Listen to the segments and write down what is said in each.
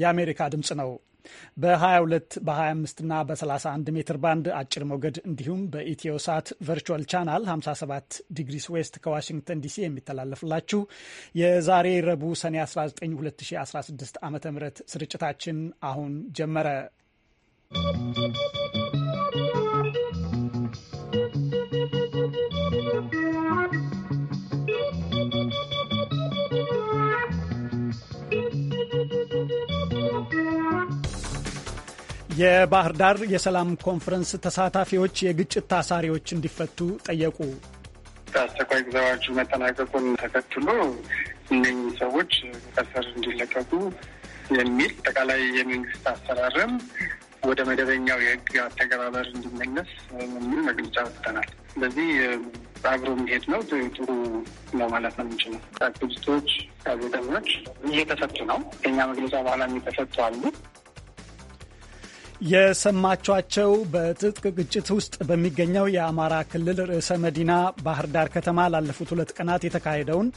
የአሜሪካ ድምፅ ነው። በ22 በ25 እና በ31 ሜትር ባንድ አጭር ሞገድ እንዲሁም በኢትዮ ሳት ቨርቹዋል ቻናል 57 ዲግሪስ ዌስት ከዋሽንግተን ዲሲ የሚተላለፍላችሁ የዛሬ ረቡዕ ሰኔ 19 2016 ዓ ም ስርጭታችን አሁን ጀመረ። የባህር ዳር የሰላም ኮንፈረንስ ተሳታፊዎች የግጭት ታሳሪዎች እንዲፈቱ ጠየቁ። ከአስቸኳይ ጊዜ አዋጁ መጠናቀቁን ተከትሎ እነኝህ ሰዎች ከእስር እንዲለቀቁ የሚል አጠቃላይ የመንግስት አሰራርም ወደ መደበኛው የህግ አተገባበር እንዲመለስ የሚል መግለጫ ወጥተናል። ስለዚህ አብሮ መሄድ ነው ጥሩ ነው ማለት ነው የምንችለው። አክቲቪስቶች፣ ጋዜጠኞች እየተፈቱ ነው። ከኛ መግለጫ በኋላ የሚተፈቱ አሉ። የሰማችኋቸው በትጥቅ ግጭት ውስጥ በሚገኘው የአማራ ክልል ርዕሰ መዲና ባህር ዳር ከተማ ላለፉት ሁለት ቀናት የተካሄደውን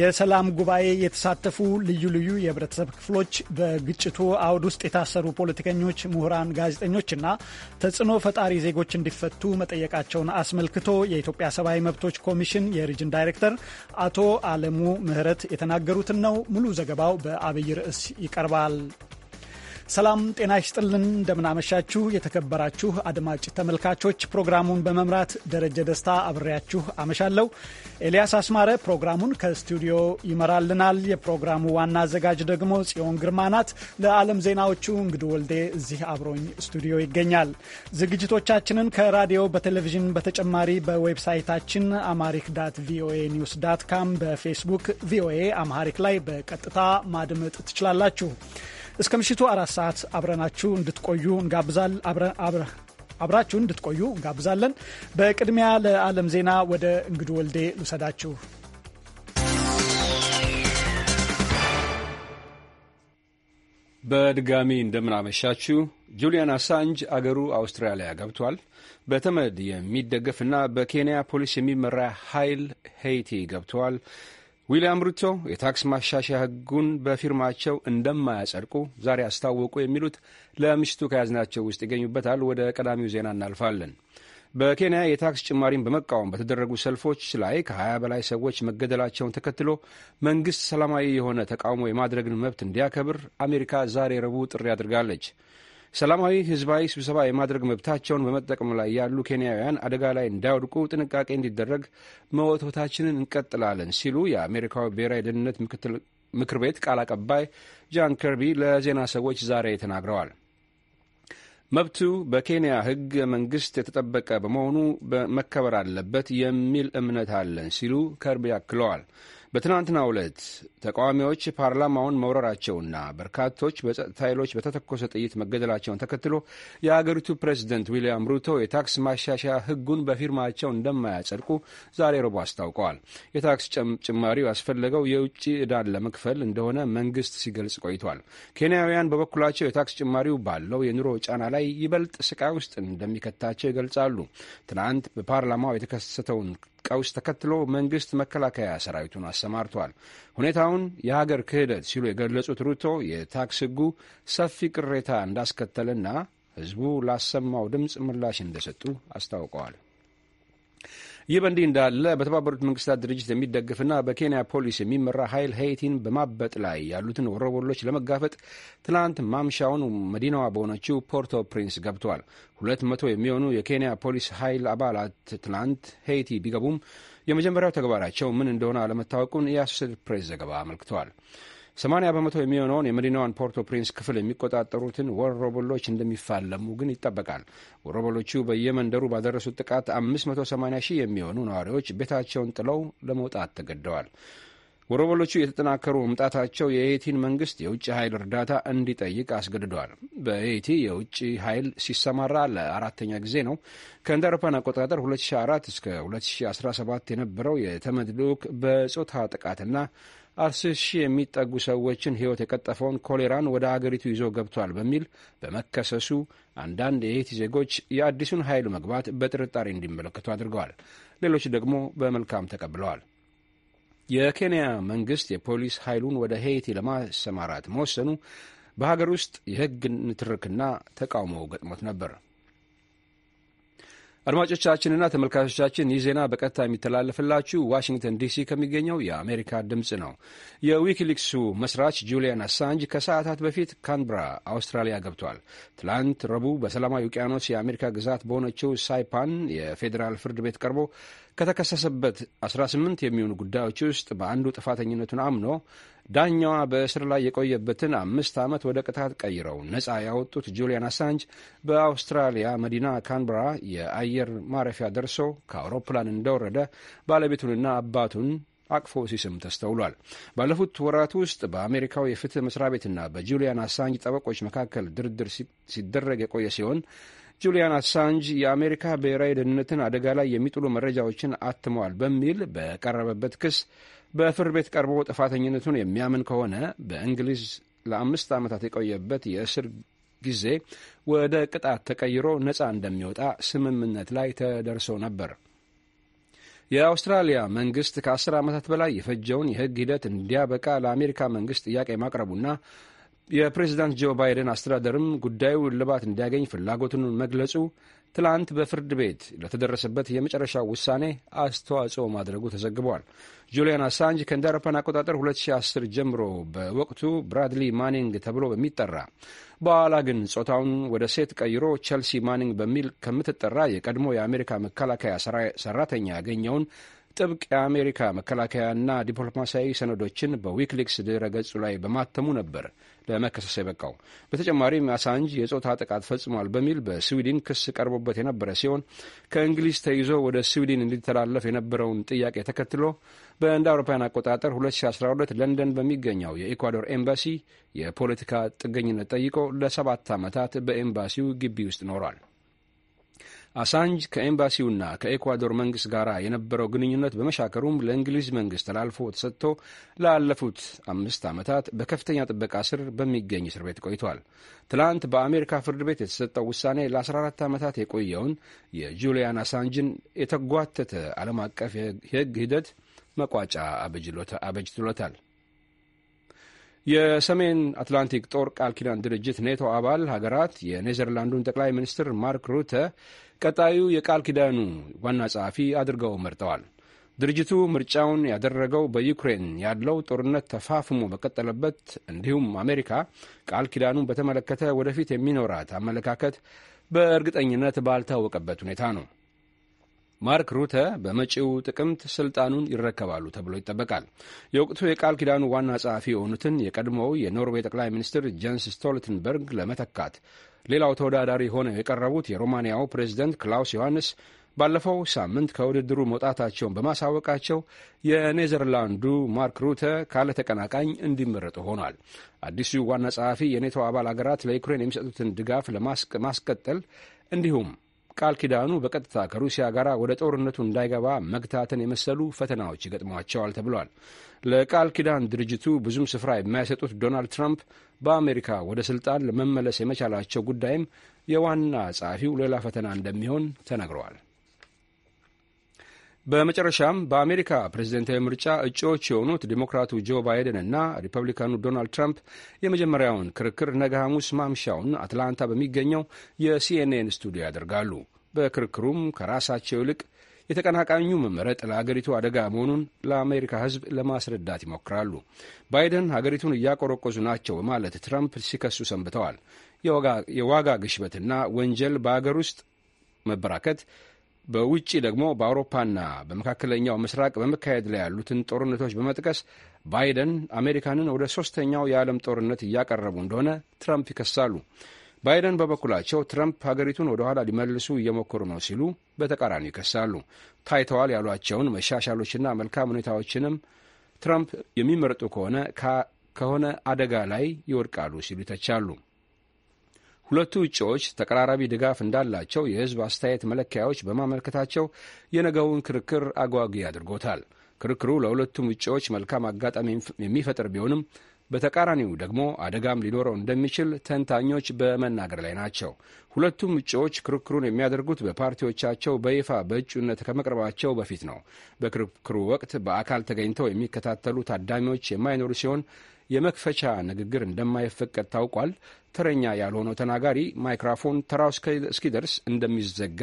የሰላም ጉባኤ የተሳተፉ ልዩ ልዩ የህብረተሰብ ክፍሎች በግጭቱ አውድ ውስጥ የታሰሩ ፖለቲከኞች፣ ምሁራን፣ ጋዜጠኞችና ተጽዕኖ ፈጣሪ ዜጎች እንዲፈቱ መጠየቃቸውን አስመልክቶ የኢትዮጵያ ሰብአዊ መብቶች ኮሚሽን የሪጅን ዳይሬክተር አቶ አለሙ ምህረት የተናገሩትን ነው። ሙሉ ዘገባው በአብይ ርዕስ ይቀርባል። ሰላም ጤና ይስጥልን። እንደምናመሻችሁ የተከበራችሁ አድማጭ ተመልካቾች፣ ፕሮግራሙን በመምራት ደረጀ ደስታ አብሬያችሁ አመሻለሁ። ኤልያስ አስማረ ፕሮግራሙን ከስቱዲዮ ይመራልናል። የፕሮግራሙ ዋና አዘጋጅ ደግሞ ጽዮን ግርማ ናት። ለዓለም ዜናዎቹ እንግዱ ወልዴ እዚህ አብሮኝ ስቱዲዮ ይገኛል። ዝግጅቶቻችንን ከራዲዮ በቴሌቪዥን በተጨማሪ በዌብሳይታችን አማሪክ ዳት ቪኦኤ ኒውስ ዳት ካም፣ በፌስቡክ ቪኦኤ አማሪክ ላይ በቀጥታ ማድመጥ ትችላላችሁ። እስከ ምሽቱ አራት ሰዓት አብረናችሁ እንድትቆዩ እንጋብዛል አብራችሁ እንድትቆዩ እንጋብዛለን። በቅድሚያ ለዓለም ዜና ወደ እንግዱ ወልዴ ልውሰዳችሁ። በድጋሚ እንደምናመሻችሁ። ጁሊያን አሳንጅ አገሩ አውስትራሊያ ገብቷል። በተመድ የሚደገፍና በኬንያ ፖሊስ የሚመራ ኃይል ሄይቲ ገብተዋል። ዊልያም ሩቶ የታክስ ማሻሻያ ህጉን በፊርማቸው እንደማያጸድቁ ዛሬ አስታወቁ። የሚሉት ለምሽቱ ከያዝናቸው ውስጥ ይገኙበታል። ወደ ቀዳሚው ዜና እናልፋለን። በኬንያ የታክስ ጭማሪን በመቃወም በተደረጉ ሰልፎች ላይ ከ20 በላይ ሰዎች መገደላቸውን ተከትሎ መንግሥት ሰላማዊ የሆነ ተቃውሞ የማድረግን መብት እንዲያከብር አሜሪካ ዛሬ ረቡዕ ጥሪ አድርጋለች። ሰላማዊ ህዝባዊ ስብሰባ የማድረግ መብታቸውን በመጠቀም ላይ ያሉ ኬንያውያን አደጋ ላይ እንዳይወድቁ ጥንቃቄ እንዲደረግ መወቶታችንን እንቀጥላለን ሲሉ የአሜሪካዊ ብሔራዊ ደህንነት ምክር ቤት ቃል አቀባይ ጃን ከርቢ ለዜና ሰዎች ዛሬ ተናግረዋል። መብቱ በኬንያ ህገ መንግስት የተጠበቀ በመሆኑ መከበር አለበት የሚል እምነት አለን ሲሉ ከርቢ አክለዋል። በትናንትናው ዕለት ተቃዋሚዎች ፓርላማውን መውረራቸውና በርካቶች በጸጥታ ኃይሎች በተተኮሰ ጥይት መገደላቸውን ተከትሎ የአገሪቱ ፕሬዚደንት ዊልያም ሩቶ የታክስ ማሻሻያ ሕጉን በፊርማቸው እንደማያጸድቁ ዛሬ ረቡዕ አስታውቀዋል። የታክስ ጭማሪው ያስፈለገው የውጭ ዕዳን ለመክፈል እንደሆነ መንግስት ሲገልጽ ቆይቷል። ኬንያውያን በበኩላቸው የታክስ ጭማሪው ባለው የኑሮ ጫና ላይ ይበልጥ ስቃይ ውስጥ እንደሚከታቸው ይገልጻሉ። ትናንት በፓርላማው የተከሰተውን ቀውስ ተከትሎ መንግስት መከላከያ ሰራዊቱን አሰማርቷል። ሁኔታውን የሀገር ክህደት ሲሉ የገለጹት ሩቶ የታክስ ህጉ ሰፊ ቅሬታ እንዳስከተለና ህዝቡ ላሰማው ድምፅ ምላሽ እንደሰጡ አስታውቀዋል። ይህ በእንዲህ እንዳለ በተባበሩት መንግስታት ድርጅት የሚደግፍና በኬንያ ፖሊስ የሚመራ ኃይል ሄይቲን በማበጥ ላይ ያሉትን ወረቦሎች ለመጋፈጥ ትናንት ማምሻውን መዲናዋ በሆነችው ፖርቶ ፕሪንስ ገብቷል። ሁለት መቶ የሚሆኑ የኬንያ ፖሊስ ኃይል አባላት ትናንት ሄይቲ ቢገቡም የመጀመሪያው ተግባራቸው ምን እንደሆነ አለመታወቁን የአሶሴትድ ፕሬስ ዘገባ አመልክተዋል። 80 በመቶ የሚሆነውን የመዲናዋን ፖርቶ ፕሪንስ ክፍል የሚቆጣጠሩትን ወሮበሎች እንደሚፋለሙ ግን ይጠበቃል። ወሮበሎቹ በየመንደሩ ባደረሱት ጥቃት 580 ሺህ የሚሆኑ ነዋሪዎች ቤታቸውን ጥለው ለመውጣት ተገደዋል። ወሮበሎቹ የተጠናከሩ መምጣታቸው የኤቲን መንግስት የውጭ ኃይል እርዳታ እንዲጠይቅ አስገድዷል። በኤቲ የውጭ ኃይል ሲሰማራ ለአራተኛ ጊዜ ነው። ከእንደ አቆጣጠር 2004 እስከ 2017 የነበረው የተመድ ልዑክ በጾታ ጥቃትና አስር ሺህ የሚጠጉ ሰዎችን ሕይወት የቀጠፈውን ኮሌራን ወደ አገሪቱ ይዞ ገብቷል በሚል በመከሰሱ አንዳንድ የሄይቲ ዜጎች የአዲሱን ኃይል መግባት በጥርጣሬ እንዲመለከቱ አድርገዋል። ሌሎች ደግሞ በመልካም ተቀብለዋል። የኬንያ መንግስት የፖሊስ ኃይሉን ወደ ሄይቲ ለማሰማራት መወሰኑ በሀገር ውስጥ የሕግ ንትርክና ተቃውሞ ገጥሞት ነበር። አድማጮቻችንና ተመልካቾቻችን ይህ ዜና በቀጥታ የሚተላለፍላችሁ ዋሽንግተን ዲሲ ከሚገኘው የአሜሪካ ድምፅ ነው። የዊኪሊክሱ መስራች ጁሊያን አሳንጅ ከሰዓታት በፊት ካንብራ አውስትራሊያ ገብቷል። ትላንት ረቡዕ በሰላማዊ ውቅያኖስ የአሜሪካ ግዛት በሆነችው ሳይፓን የፌዴራል ፍርድ ቤት ቀርቦ ከተከሰሰበት 18 የሚሆኑ ጉዳዮች ውስጥ በአንዱ ጥፋተኝነቱን አምኖ ዳኛዋ በእስር ላይ የቆየበትን አምስት ዓመት ወደ ቅጣት ቀይረው ነፃ ያወጡት ጁሊያን አሳንጅ በአውስትራሊያ መዲና ካንበራ የአየር ማረፊያ ደርሶ ከአውሮፕላን እንደወረደ ባለቤቱንና አባቱን አቅፎ ሲስም ተስተውሏል። ባለፉት ወራት ውስጥ በአሜሪካው የፍትህ መስሪያ ቤትና በጁሊያን አሳንጅ ጠበቆች መካከል ድርድር ሲደረግ የቆየ ሲሆን ጁሊያን አሳንጅ የአሜሪካ ብሔራዊ ደህንነትን አደጋ ላይ የሚጥሉ መረጃዎችን አትመዋል በሚል በቀረበበት ክስ በፍርድ ቤት ቀርቦ ጥፋተኝነቱን የሚያምን ከሆነ በእንግሊዝ ለአምስት ዓመታት የቆየበት የእስር ጊዜ ወደ ቅጣት ተቀይሮ ነፃ እንደሚወጣ ስምምነት ላይ ተደርሶ ነበር። የአውስትራሊያ መንግስት ከአስር ዓመታት በላይ የፈጀውን የሕግ ሂደት እንዲያበቃ ለአሜሪካ መንግስት ጥያቄ ማቅረቡና የፕሬዚዳንት ጆ ባይደን አስተዳደርም ጉዳዩ እልባት እንዲያገኝ ፍላጎቱን መግለጹ ትላንት በፍርድ ቤት ለተደረሰበት የመጨረሻ ውሳኔ አስተዋጽኦ ማድረጉ ተዘግቧል። ጁሊያን አሳንጅ ከእንደ አውሮፓውያን አቆጣጠር 2010 ጀምሮ በወቅቱ ብራድሊ ማኒንግ ተብሎ በሚጠራ በኋላ ግን ጾታውን ወደ ሴት ቀይሮ ቸልሲ ማኒንግ በሚል ከምትጠራ የቀድሞ የአሜሪካ መከላከያ ሰራተኛ ያገኘውን ጥብቅ የአሜሪካ መከላከያና ዲፕሎማሲያዊ ሰነዶችን በዊኪሊክስ ድረ ገጹ ላይ በማተሙ ነበር ለመከሰስ የበቃው። በተጨማሪም አሳንጅ የጾታ ጥቃት ፈጽሟል በሚል በስዊድን ክስ ቀርቦበት የነበረ ሲሆን ከእንግሊዝ ተይዞ ወደ ስዊድን እንዲተላለፍ የነበረውን ጥያቄ ተከትሎ በእንደ አውሮፓውያን አቆጣጠር 2012 ለንደን በሚገኘው የኢኳዶር ኤምባሲ የፖለቲካ ጥገኝነት ጠይቆ ለሰባት ዓመታት በኤምባሲው ግቢ ውስጥ ኖሯል። አሳንጅ ከኤምባሲውና ከኤኳዶር መንግስት ጋር የነበረው ግንኙነት በመሻከሩም ለእንግሊዝ መንግስት ተላልፎ ተሰጥቶ ላለፉት አምስት ዓመታት በከፍተኛ ጥበቃ ስር በሚገኝ እስር ቤት ቆይቷል። ትላንት በአሜሪካ ፍርድ ቤት የተሰጠው ውሳኔ ለ14 ዓመታት የቆየውን የጁሊያን አሳንጅን የተጓተተ ዓለም አቀፍ የህግ ሂደት መቋጫ አበጅቶለታል። የሰሜን አትላንቲክ ጦር ቃል ኪዳን ድርጅት ኔቶ አባል ሀገራት የኔዘርላንዱን ጠቅላይ ሚኒስትር ማርክ ሩተ ቀጣዩ የቃል ኪዳኑ ዋና ጸሐፊ አድርገው መርጠዋል። ድርጅቱ ምርጫውን ያደረገው በዩክሬን ያለው ጦርነት ተፋፍሞ በቀጠለበት እንዲሁም አሜሪካ ቃል ኪዳኑን በተመለከተ ወደፊት የሚኖራት አመለካከት በእርግጠኝነት ባልታወቀበት ሁኔታ ነው። ማርክ ሩተ በመጪው ጥቅምት ስልጣኑን ይረከባሉ ተብሎ ይጠበቃል። የወቅቱ የቃል ኪዳኑ ዋና ጸሐፊ የሆኑትን የቀድሞው የኖርዌይ ጠቅላይ ሚኒስትር ጀንስ ስቶልተንበርግ ለመተካት ሌላው ተወዳዳሪ ሆነው የቀረቡት የሮማንያው ፕሬዚደንት ክላውስ ዮሐንስ ባለፈው ሳምንት ከውድድሩ መውጣታቸውን በማሳወቃቸው የኔዘርላንዱ ማርክ ሩተ ካለ ተቀናቃኝ እንዲመረጡ ሆኗል። አዲሱ ዋና ጸሐፊ የኔቶ አባል አገራት ለዩክሬን የሚሰጡትን ድጋፍ ለማስቀጠል እንዲሁም ቃል ኪዳኑ በቀጥታ ከሩሲያ ጋር ወደ ጦርነቱ እንዳይገባ መግታትን የመሰሉ ፈተናዎች ይገጥሟቸዋል ተብሏል። ለቃል ኪዳን ድርጅቱ ብዙም ስፍራ የማይሰጡት ዶናልድ ትራምፕ በአሜሪካ ወደ ስልጣን ለመመለስ የመቻላቸው ጉዳይም የዋና ጸሐፊው ሌላ ፈተና እንደሚሆን ተነግረዋል። በመጨረሻም በአሜሪካ ፕሬዝደንታዊ ምርጫ እጩዎች የሆኑት ዴሞክራቱ ጆ ባይደን እና ሪፐብሊካኑ ዶናልድ ትራምፕ የመጀመሪያውን ክርክር ነገ ሐሙስ ማምሻውን አትላንታ በሚገኘው የሲኤንኤን ስቱዲዮ ያደርጋሉ። በክርክሩም ከራሳቸው ይልቅ የተቀናቃኙ መመረጥ ለአገሪቱ አደጋ መሆኑን ለአሜሪካ ሕዝብ ለማስረዳት ይሞክራሉ። ባይደን ሀገሪቱን እያቆረቆዙ ናቸው በማለት ትራምፕ ሲከሱ ሰንብተዋል። የዋጋ ግሽበትና ወንጀል በአገር ውስጥ መበራከት በውጭ ደግሞ በአውሮፓና በመካከለኛው ምስራቅ በመካሄድ ላይ ያሉትን ጦርነቶች በመጥቀስ ባይደን አሜሪካንን ወደ ሶስተኛው የዓለም ጦርነት እያቀረቡ እንደሆነ ትራምፕ ይከሳሉ። ባይደን በበኩላቸው ትራምፕ ሀገሪቱን ወደ ኋላ ሊመልሱ እየሞከሩ ነው ሲሉ በተቃራኒ ይከሳሉ። ታይተዋል ያሏቸውን መሻሻሎችና መልካም ሁኔታዎችንም ትራምፕ የሚመርጡ ከሆነ ከሆነ አደጋ ላይ ይወድቃሉ ሲሉ ይተቻሉ። ሁለቱ እጩዎች ተቀራራቢ ድጋፍ እንዳላቸው የህዝብ አስተያየት መለኪያዎች በማመልከታቸው የነገውን ክርክር አጓጊ አድርጎታል። ክርክሩ ለሁለቱም እጩዎች መልካም አጋጣሚ የሚፈጥር ቢሆንም በተቃራኒው ደግሞ አደጋም ሊኖረው እንደሚችል ተንታኞች በመናገር ላይ ናቸው። ሁለቱም እጩዎች ክርክሩን የሚያደርጉት በፓርቲዎቻቸው በይፋ በእጩነት ከመቅረባቸው በፊት ነው። በክርክሩ ወቅት በአካል ተገኝተው የሚከታተሉ ታዳሚዎች የማይኖሩ ሲሆን የመክፈቻ ንግግር እንደማይፈቀድ ታውቋል። ተረኛ ያልሆነው ተናጋሪ ማይክሮፎን ተራው እስኪደርስ እንደሚዘጋ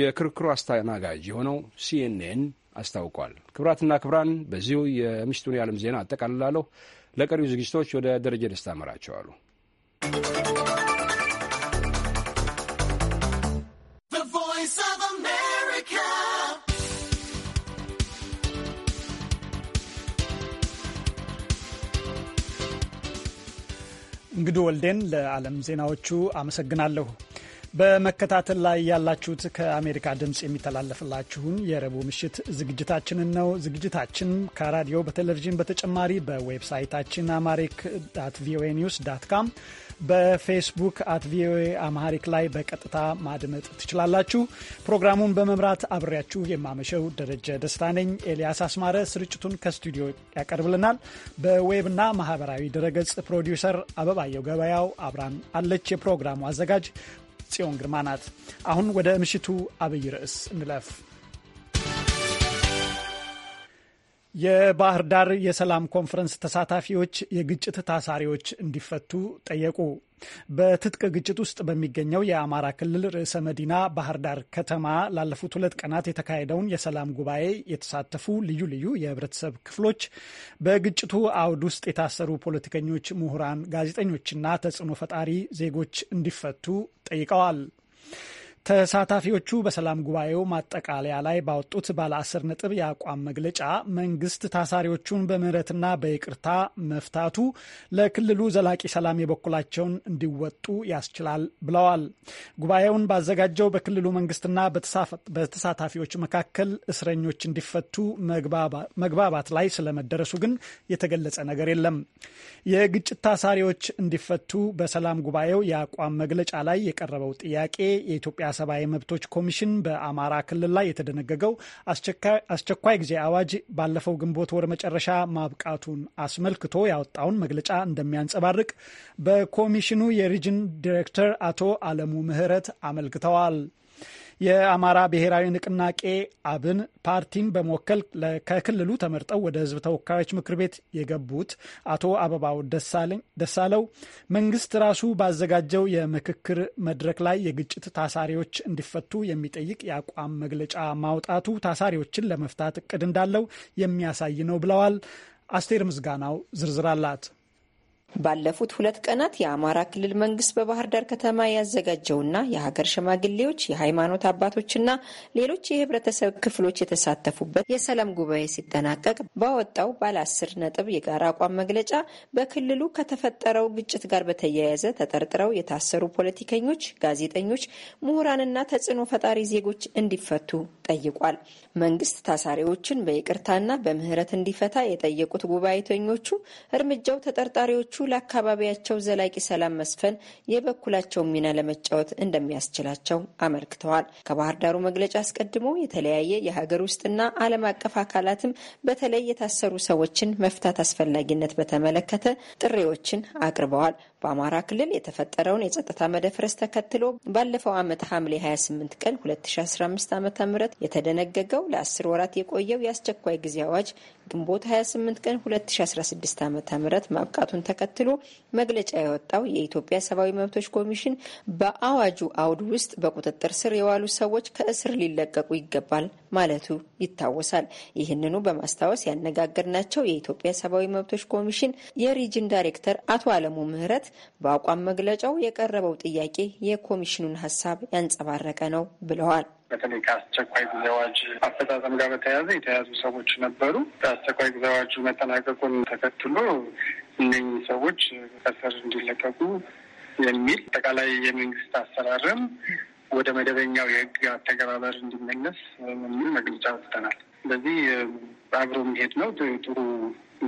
የክርክሩ አስተናጋጅ የሆነው ሲኤንኤን አስታውቋል። ክብራትና ክብራን በዚሁ የምሽቱን የዓለም ዜና አጠቃልላለሁ። ለቀሪው ዝግጅቶች ወደ ደረጀ ደስታ መራቸዋሉ። እንግዱ ወልዴን ለዓለም ዜናዎቹ አመሰግናለሁ። በመከታተል ላይ ያላችሁት ከአሜሪካ ድምፅ የሚተላለፍላችሁን የረቡዕ ምሽት ዝግጅታችንን ነው። ዝግጅታችን ከራዲዮ በቴሌቪዥን በተጨማሪ በዌብሳይታችን አማሪክ ዳት ቪኦኤ ኒውስ ዳት ካም በፌስቡክ አት ቪኦኤ አማሪክ ላይ በቀጥታ ማድመጥ ትችላላችሁ። ፕሮግራሙን በመምራት አብሬያችሁ የማመሸው ደረጀ ደስታ ነኝ። ኤልያስ አስማረ ስርጭቱን ከስቱዲዮ ያቀርብልናል። በዌብና ማህበራዊ ድረገጽ ፕሮዲውሰር አበባየው ገበያው አብራን አለች። የፕሮግራሙ አዘጋጅ ጽዮን ግርማ ናት። አሁን ወደ ምሽቱ አብይ ርዕስ እንለፍ። የባህር ዳር የሰላም ኮንፈረንስ ተሳታፊዎች የግጭት ታሳሪዎች እንዲፈቱ ጠየቁ። በትጥቅ ግጭት ውስጥ በሚገኘው የአማራ ክልል ርዕሰ መዲና ባህር ዳር ከተማ ላለፉት ሁለት ቀናት የተካሄደውን የሰላም ጉባኤ የተሳተፉ ልዩ ልዩ የህብረተሰብ ክፍሎች በግጭቱ አውድ ውስጥ የታሰሩ ፖለቲከኞች፣ ምሁራን፣ ጋዜጠኞችና ተጽዕኖ ፈጣሪ ዜጎች እንዲፈቱ ጠይቀዋል። ተሳታፊዎቹ በሰላም ጉባኤው ማጠቃለያ ላይ ባወጡት ባለ አስር ነጥብ የአቋም መግለጫ መንግስት ታሳሪዎቹን በምህረትና በይቅርታ መፍታቱ ለክልሉ ዘላቂ ሰላም የበኩላቸውን እንዲወጡ ያስችላል ብለዋል። ጉባኤውን ባዘጋጀው በክልሉ መንግስትና በተሳታፊዎች መካከል እስረኞች እንዲፈቱ መግባባት ላይ ስለመደረሱ ግን የተገለጸ ነገር የለም። የግጭት ታሳሪዎች እንዲፈቱ በሰላም ጉባኤው የአቋም መግለጫ ላይ የቀረበው ጥያቄ የኢትዮጵያ ሰብአዊ መብቶች ኮሚሽን በአማራ ክልል ላይ የተደነገገው አስቸኳይ ጊዜ አዋጅ ባለፈው ግንቦት ወር መጨረሻ ማብቃቱን አስመልክቶ ያወጣውን መግለጫ እንደሚያንጸባርቅ በኮሚሽኑ የሪጅን ዲሬክተር አቶ አለሙ ምህረት አመልክተዋል። የአማራ ብሔራዊ ንቅናቄ አብን ፓርቲን በመወከል ከክልሉ ተመርጠው ወደ ህዝብ ተወካዮች ምክር ቤት የገቡት አቶ አበባው ደሳለው መንግስት ራሱ ባዘጋጀው የምክክር መድረክ ላይ የግጭት ታሳሪዎች እንዲፈቱ የሚጠይቅ የአቋም መግለጫ ማውጣቱ ታሳሪዎችን ለመፍታት እቅድ እንዳለው የሚያሳይ ነው ብለዋል። አስቴር ምስጋናው ዝርዝር አላት። ባለፉት ሁለት ቀናት የአማራ ክልል መንግስት በባህር ዳር ከተማ ያዘጋጀውና የሀገር ሽማግሌዎች፣ የሃይማኖት አባቶችና ሌሎች የህብረተሰብ ክፍሎች የተሳተፉበት የሰላም ጉባኤ ሲጠናቀቅ ባወጣው ባለ አስር ነጥብ የጋራ አቋም መግለጫ በክልሉ ከተፈጠረው ግጭት ጋር በተያያዘ ተጠርጥረው የታሰሩ ፖለቲከኞች፣ ጋዜጠኞች፣ ምሁራንና ተጽዕኖ ፈጣሪ ዜጎች እንዲፈቱ ጠይቋል። መንግስት ታሳሪዎችን በይቅርታና በምህረት እንዲፈታ የጠየቁት ጉባኤተኞቹ እርምጃው ተጠርጣሪዎች። ዜጎቹ ለአካባቢያቸው ዘላቂ ሰላም መስፈን የበኩላቸውን ሚና ለመጫወት እንደሚያስችላቸው አመልክተዋል። ከባህር ዳሩ መግለጫ አስቀድሞ የተለያየ የሀገር ውስጥና ዓለም አቀፍ አካላትም በተለይ የታሰሩ ሰዎችን መፍታት አስፈላጊነት በተመለከተ ጥሪዎችን አቅርበዋል። በአማራ ክልል የተፈጠረውን የጸጥታ መደፍረስ ተከትሎ ባለፈው ዓመት ሐምሌ 28 ቀን 2015 ዓ ም የተደነገገው ለ10 ወራት የቆየው የአስቸኳይ ጊዜ አዋጅ ግንቦት 28 ቀን 2016 ዓ ም ማብቃቱን ተከትሎ መግለጫ የወጣው የኢትዮጵያ ሰብአዊ መብቶች ኮሚሽን በአዋጁ አውድ ውስጥ በቁጥጥር ስር የዋሉ ሰዎች ከእስር ሊለቀቁ ይገባል ማለቱ ይታወሳል። ይህንኑ በማስታወስ ያነጋገርናቸው የኢትዮጵያ ሰብአዊ መብቶች ኮሚሽን የሪጅን ዳይሬክተር አቶ አለሙ ምህረት በአቋም መግለጫው የቀረበው ጥያቄ የኮሚሽኑን ሀሳብ ያንጸባረቀ ነው ብለዋል። በተለይ ከአስቸኳይ ጊዜ አዋጅ አፈጻጸም ጋር በተያያዘ የተያዙ ሰዎች ነበሩ። በአስቸኳይ ጊዜ አዋጁ መጠናቀቁን ተከትሎ እነኝህ ሰዎች ከስር እንዲለቀቁ የሚል አጠቃላይ የመንግስት አሰራርም ወደ መደበኛው የህግ አተገባበር እንዲመለስ የሚል መግለጫ ወጥተናል። በዚህ አብሮ የሚሄድ ነው ጥሩ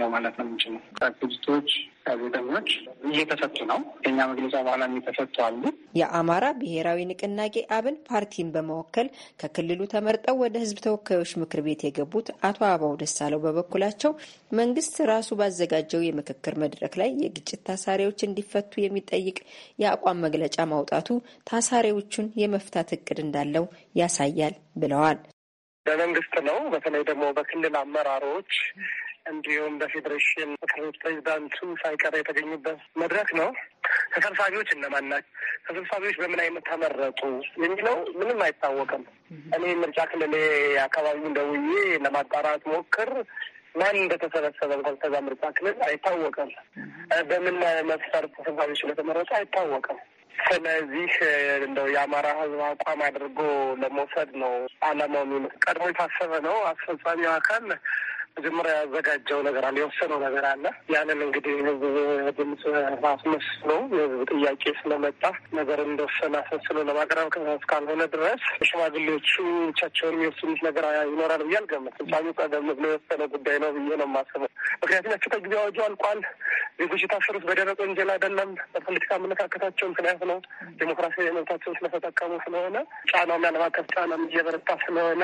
ነው ማለት ነው የምንችለው። ከአክቲቪስቶች ጋዜጠኞች እየተሰጡ ነው። ከኛ መግለጫ በኋላ የሚተሰጡ አሉ። የአማራ ብሔራዊ ንቅናቄ አብን ፓርቲን በመወከል ከክልሉ ተመርጠው ወደ ህዝብ ተወካዮች ምክር ቤት የገቡት አቶ አበባው ደሳለው በበኩላቸው መንግስት ራሱ ባዘጋጀው የምክክር መድረክ ላይ የግጭት ታሳሪዎች እንዲፈቱ የሚጠይቅ የአቋም መግለጫ ማውጣቱ ታሳሪዎቹን የመፍታት እቅድ እንዳለው ያሳያል ብለዋል። በመንግስት ነው በተለይ ደግሞ በክልል አመራሮች እንዲሁም በፌዴሬሽን ምክር ቤት ፕሬዚዳንቱ ሳይቀር የተገኙበት መድረክ ነው። ተሰብሳቢዎች እነማን ናቸው? ተሰብሳቢዎች በምን አይነት ተመረጡ የሚለው ምንም አይታወቅም። እኔ ምርጫ ክልል አካባቢውን ደውዬ ለማጣራት ሞክር ማን እንደተሰበሰበ እንኳን ከዛ ምርጫ ክልል አይታወቅም። በምን መስፈርት ተሰብሳቢዎች እንደተመረጡ አይታወቅም። ስለዚህ እንደው የአማራ ሕዝብ አቋም አድርጎ ለመውሰድ ነው አላማው የሚመስል ቀድሞ የታሰበ ነው። አስፈጻሚው አካል ጀምሮ ያዘጋጀው ነገር አለ፣ የወሰነው ነገር አለ። ያንን እንግዲህ ህዝብ ድምፅ አስመስሎ የህዝብ ጥያቄ ስለመጣ ነገር እንደወሰነ አስመስሎ ለማቅረብ እስካልሆነ ድረስ ሽማግሌዎቹ ብቻቸውን የሚወስኑት ነገር ይኖራል ብዬ አልገምትም። ሳሚ ቀደም ብሎ የወሰነ ጉዳይ ነው ብዬ ነው የማስበው። ምክንያቱም የአስቸኳይ ጊዜ አዋጁ አልቋል። ዜጎች የታሰሩት በደረቅ ወንጀል አይደለም፣ በፖለቲካ አመለካከታቸው ምክንያት ነው። ዴሞክራሲያዊ መብታቸውን ስለተጠቀሙ ስለሆነ ጫናውም ያለማቀፍ ጫናም እየበረታ ስለሆነ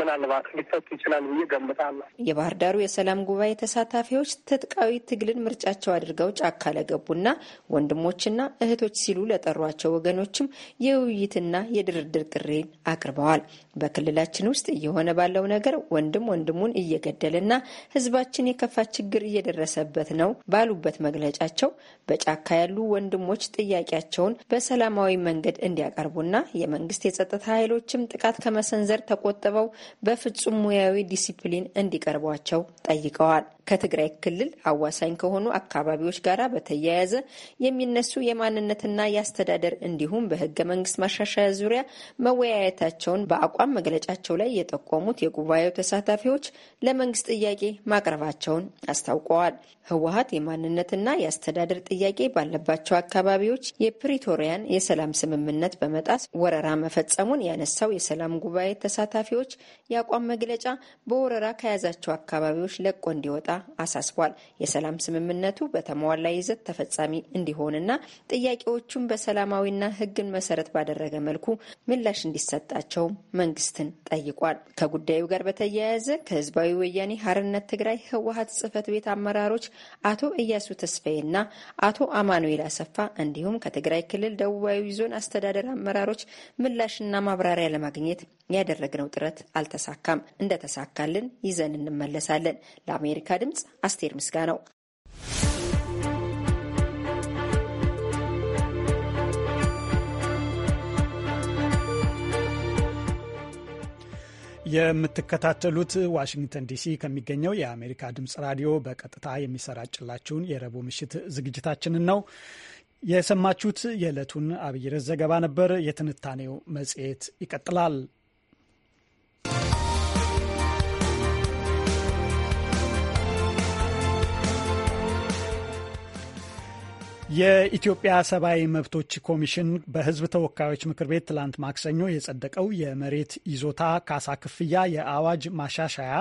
ምናልባት ሊፈቱ ይችላል ብዬ ገምታል የባህር ዳሩ የሰላም ጉባኤ ተሳታፊዎች ትጥቃዊ ትግልን ምርጫቸው አድርገው ጫካ ለገቡና ወንድሞችና እህቶች ሲሉ ለጠሯቸው ወገኖችም የውይይትና የድርድር ጥሪን አቅርበዋል። በክልላችን ውስጥ እየሆነ ባለው ነገር ወንድም ወንድሙን እየገደለና ህዝባችን የከፋ ችግር እየደረሰበት ነው ባሉበት መግለጫቸው በጫካ ያሉ ወንድሞች ጥያቄያቸውን በሰላማዊ መንገድ እንዲያቀርቡና የመንግስት የጸጥታ ኃይሎችም ጥቃት ከመሰንዘር ተቆጥበው በፍጹም ሙያዊ ዲሲፕሊን እንዲቀርቧቸው ጠይቀዋል። ከትግራይ ክልል አዋሳኝ ከሆኑ አካባቢዎች ጋር በተያያዘ የሚነሱ የማንነትና የአስተዳደር እንዲሁም በህገ መንግስት ማሻሻያ ዙሪያ መወያየታቸውን በአቋም መግለጫቸው ላይ የጠቆሙት የጉባኤው ተሳታፊዎች ለመንግስት ጥያቄ ማቅረባቸውን አስታውቀዋል። ህወሀት የማንነትና የአስተዳደር ጥያቄ ባለባቸው አካባቢዎች የፕሪቶሪያን የሰላም ስምምነት በመጣስ ወረራ መፈጸሙን ያነሳው የሰላም ጉባኤ ተሳታፊዎች የአቋም መግለጫ በወረራ ከያዛቸው አካባቢዎች ለቆ እንዲወጣ አሳስቧል። የሰላም ስምምነቱ በተሟላ ይዘት ተፈጻሚ እንዲሆንና ጥያቄዎቹን በሰላማዊና ሕግን መሰረት ባደረገ መልኩ ምላሽ እንዲሰጣቸው መንግስትን ጠይቋል። ከጉዳዩ ጋር በተያያዘ ከህዝባዊ ወያኔ ሀርነት ትግራይ ህወሀት ጽህፈት ቤት አመራሮች አቶ እያሱ ተስፋዬና አቶ አማኑኤል አሰፋ እንዲሁም ከትግራይ ክልል ደቡባዊ ዞን አስተዳደር አመራሮች ምላሽና ማብራሪያ ለማግኘት ያደረግነው ጥረት አልተሳካም። እንደተሳካልን ይዘን እንመለሳለን። ለአሜሪካ ድምፅ አስቴር ምስጋናው። የምትከታተሉት ዋሽንግተን ዲሲ ከሚገኘው የአሜሪካ ድምፅ ራዲዮ በቀጥታ የሚሰራጭላችሁን የረቡዕ ምሽት ዝግጅታችንን ነው የሰማችሁት። የዕለቱን አብይ ርዕስ ዘገባ ነበር። የትንታኔው መጽሔት ይቀጥላል። የኢትዮጵያ ሰብአዊ መብቶች ኮሚሽን በሕዝብ ተወካዮች ምክር ቤት ትላንት ማክሰኞ የጸደቀው የመሬት ይዞታ ካሳ ክፍያ የአዋጅ ማሻሻያ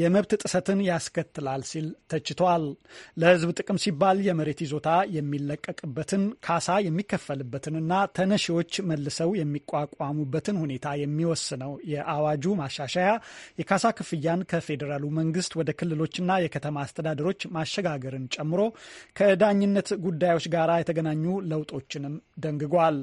የመብት ጥሰትን ያስከትላል ሲል ተችቷል። ለሕዝብ ጥቅም ሲባል የመሬት ይዞታ የሚለቀቅበትን ካሳ የሚከፈልበትንና ተነሺዎች መልሰው የሚቋቋሙበትን ሁኔታ የሚወስነው የአዋጁ ማሻሻያ የካሳ ክፍያን ከፌዴራሉ መንግስት ወደ ክልሎችና የከተማ አስተዳደሮች ማሸጋገርን ጨምሮ ከዳኝነት ጉዳዮች ጋር የተገናኙ ለውጦችንም ደንግጓል።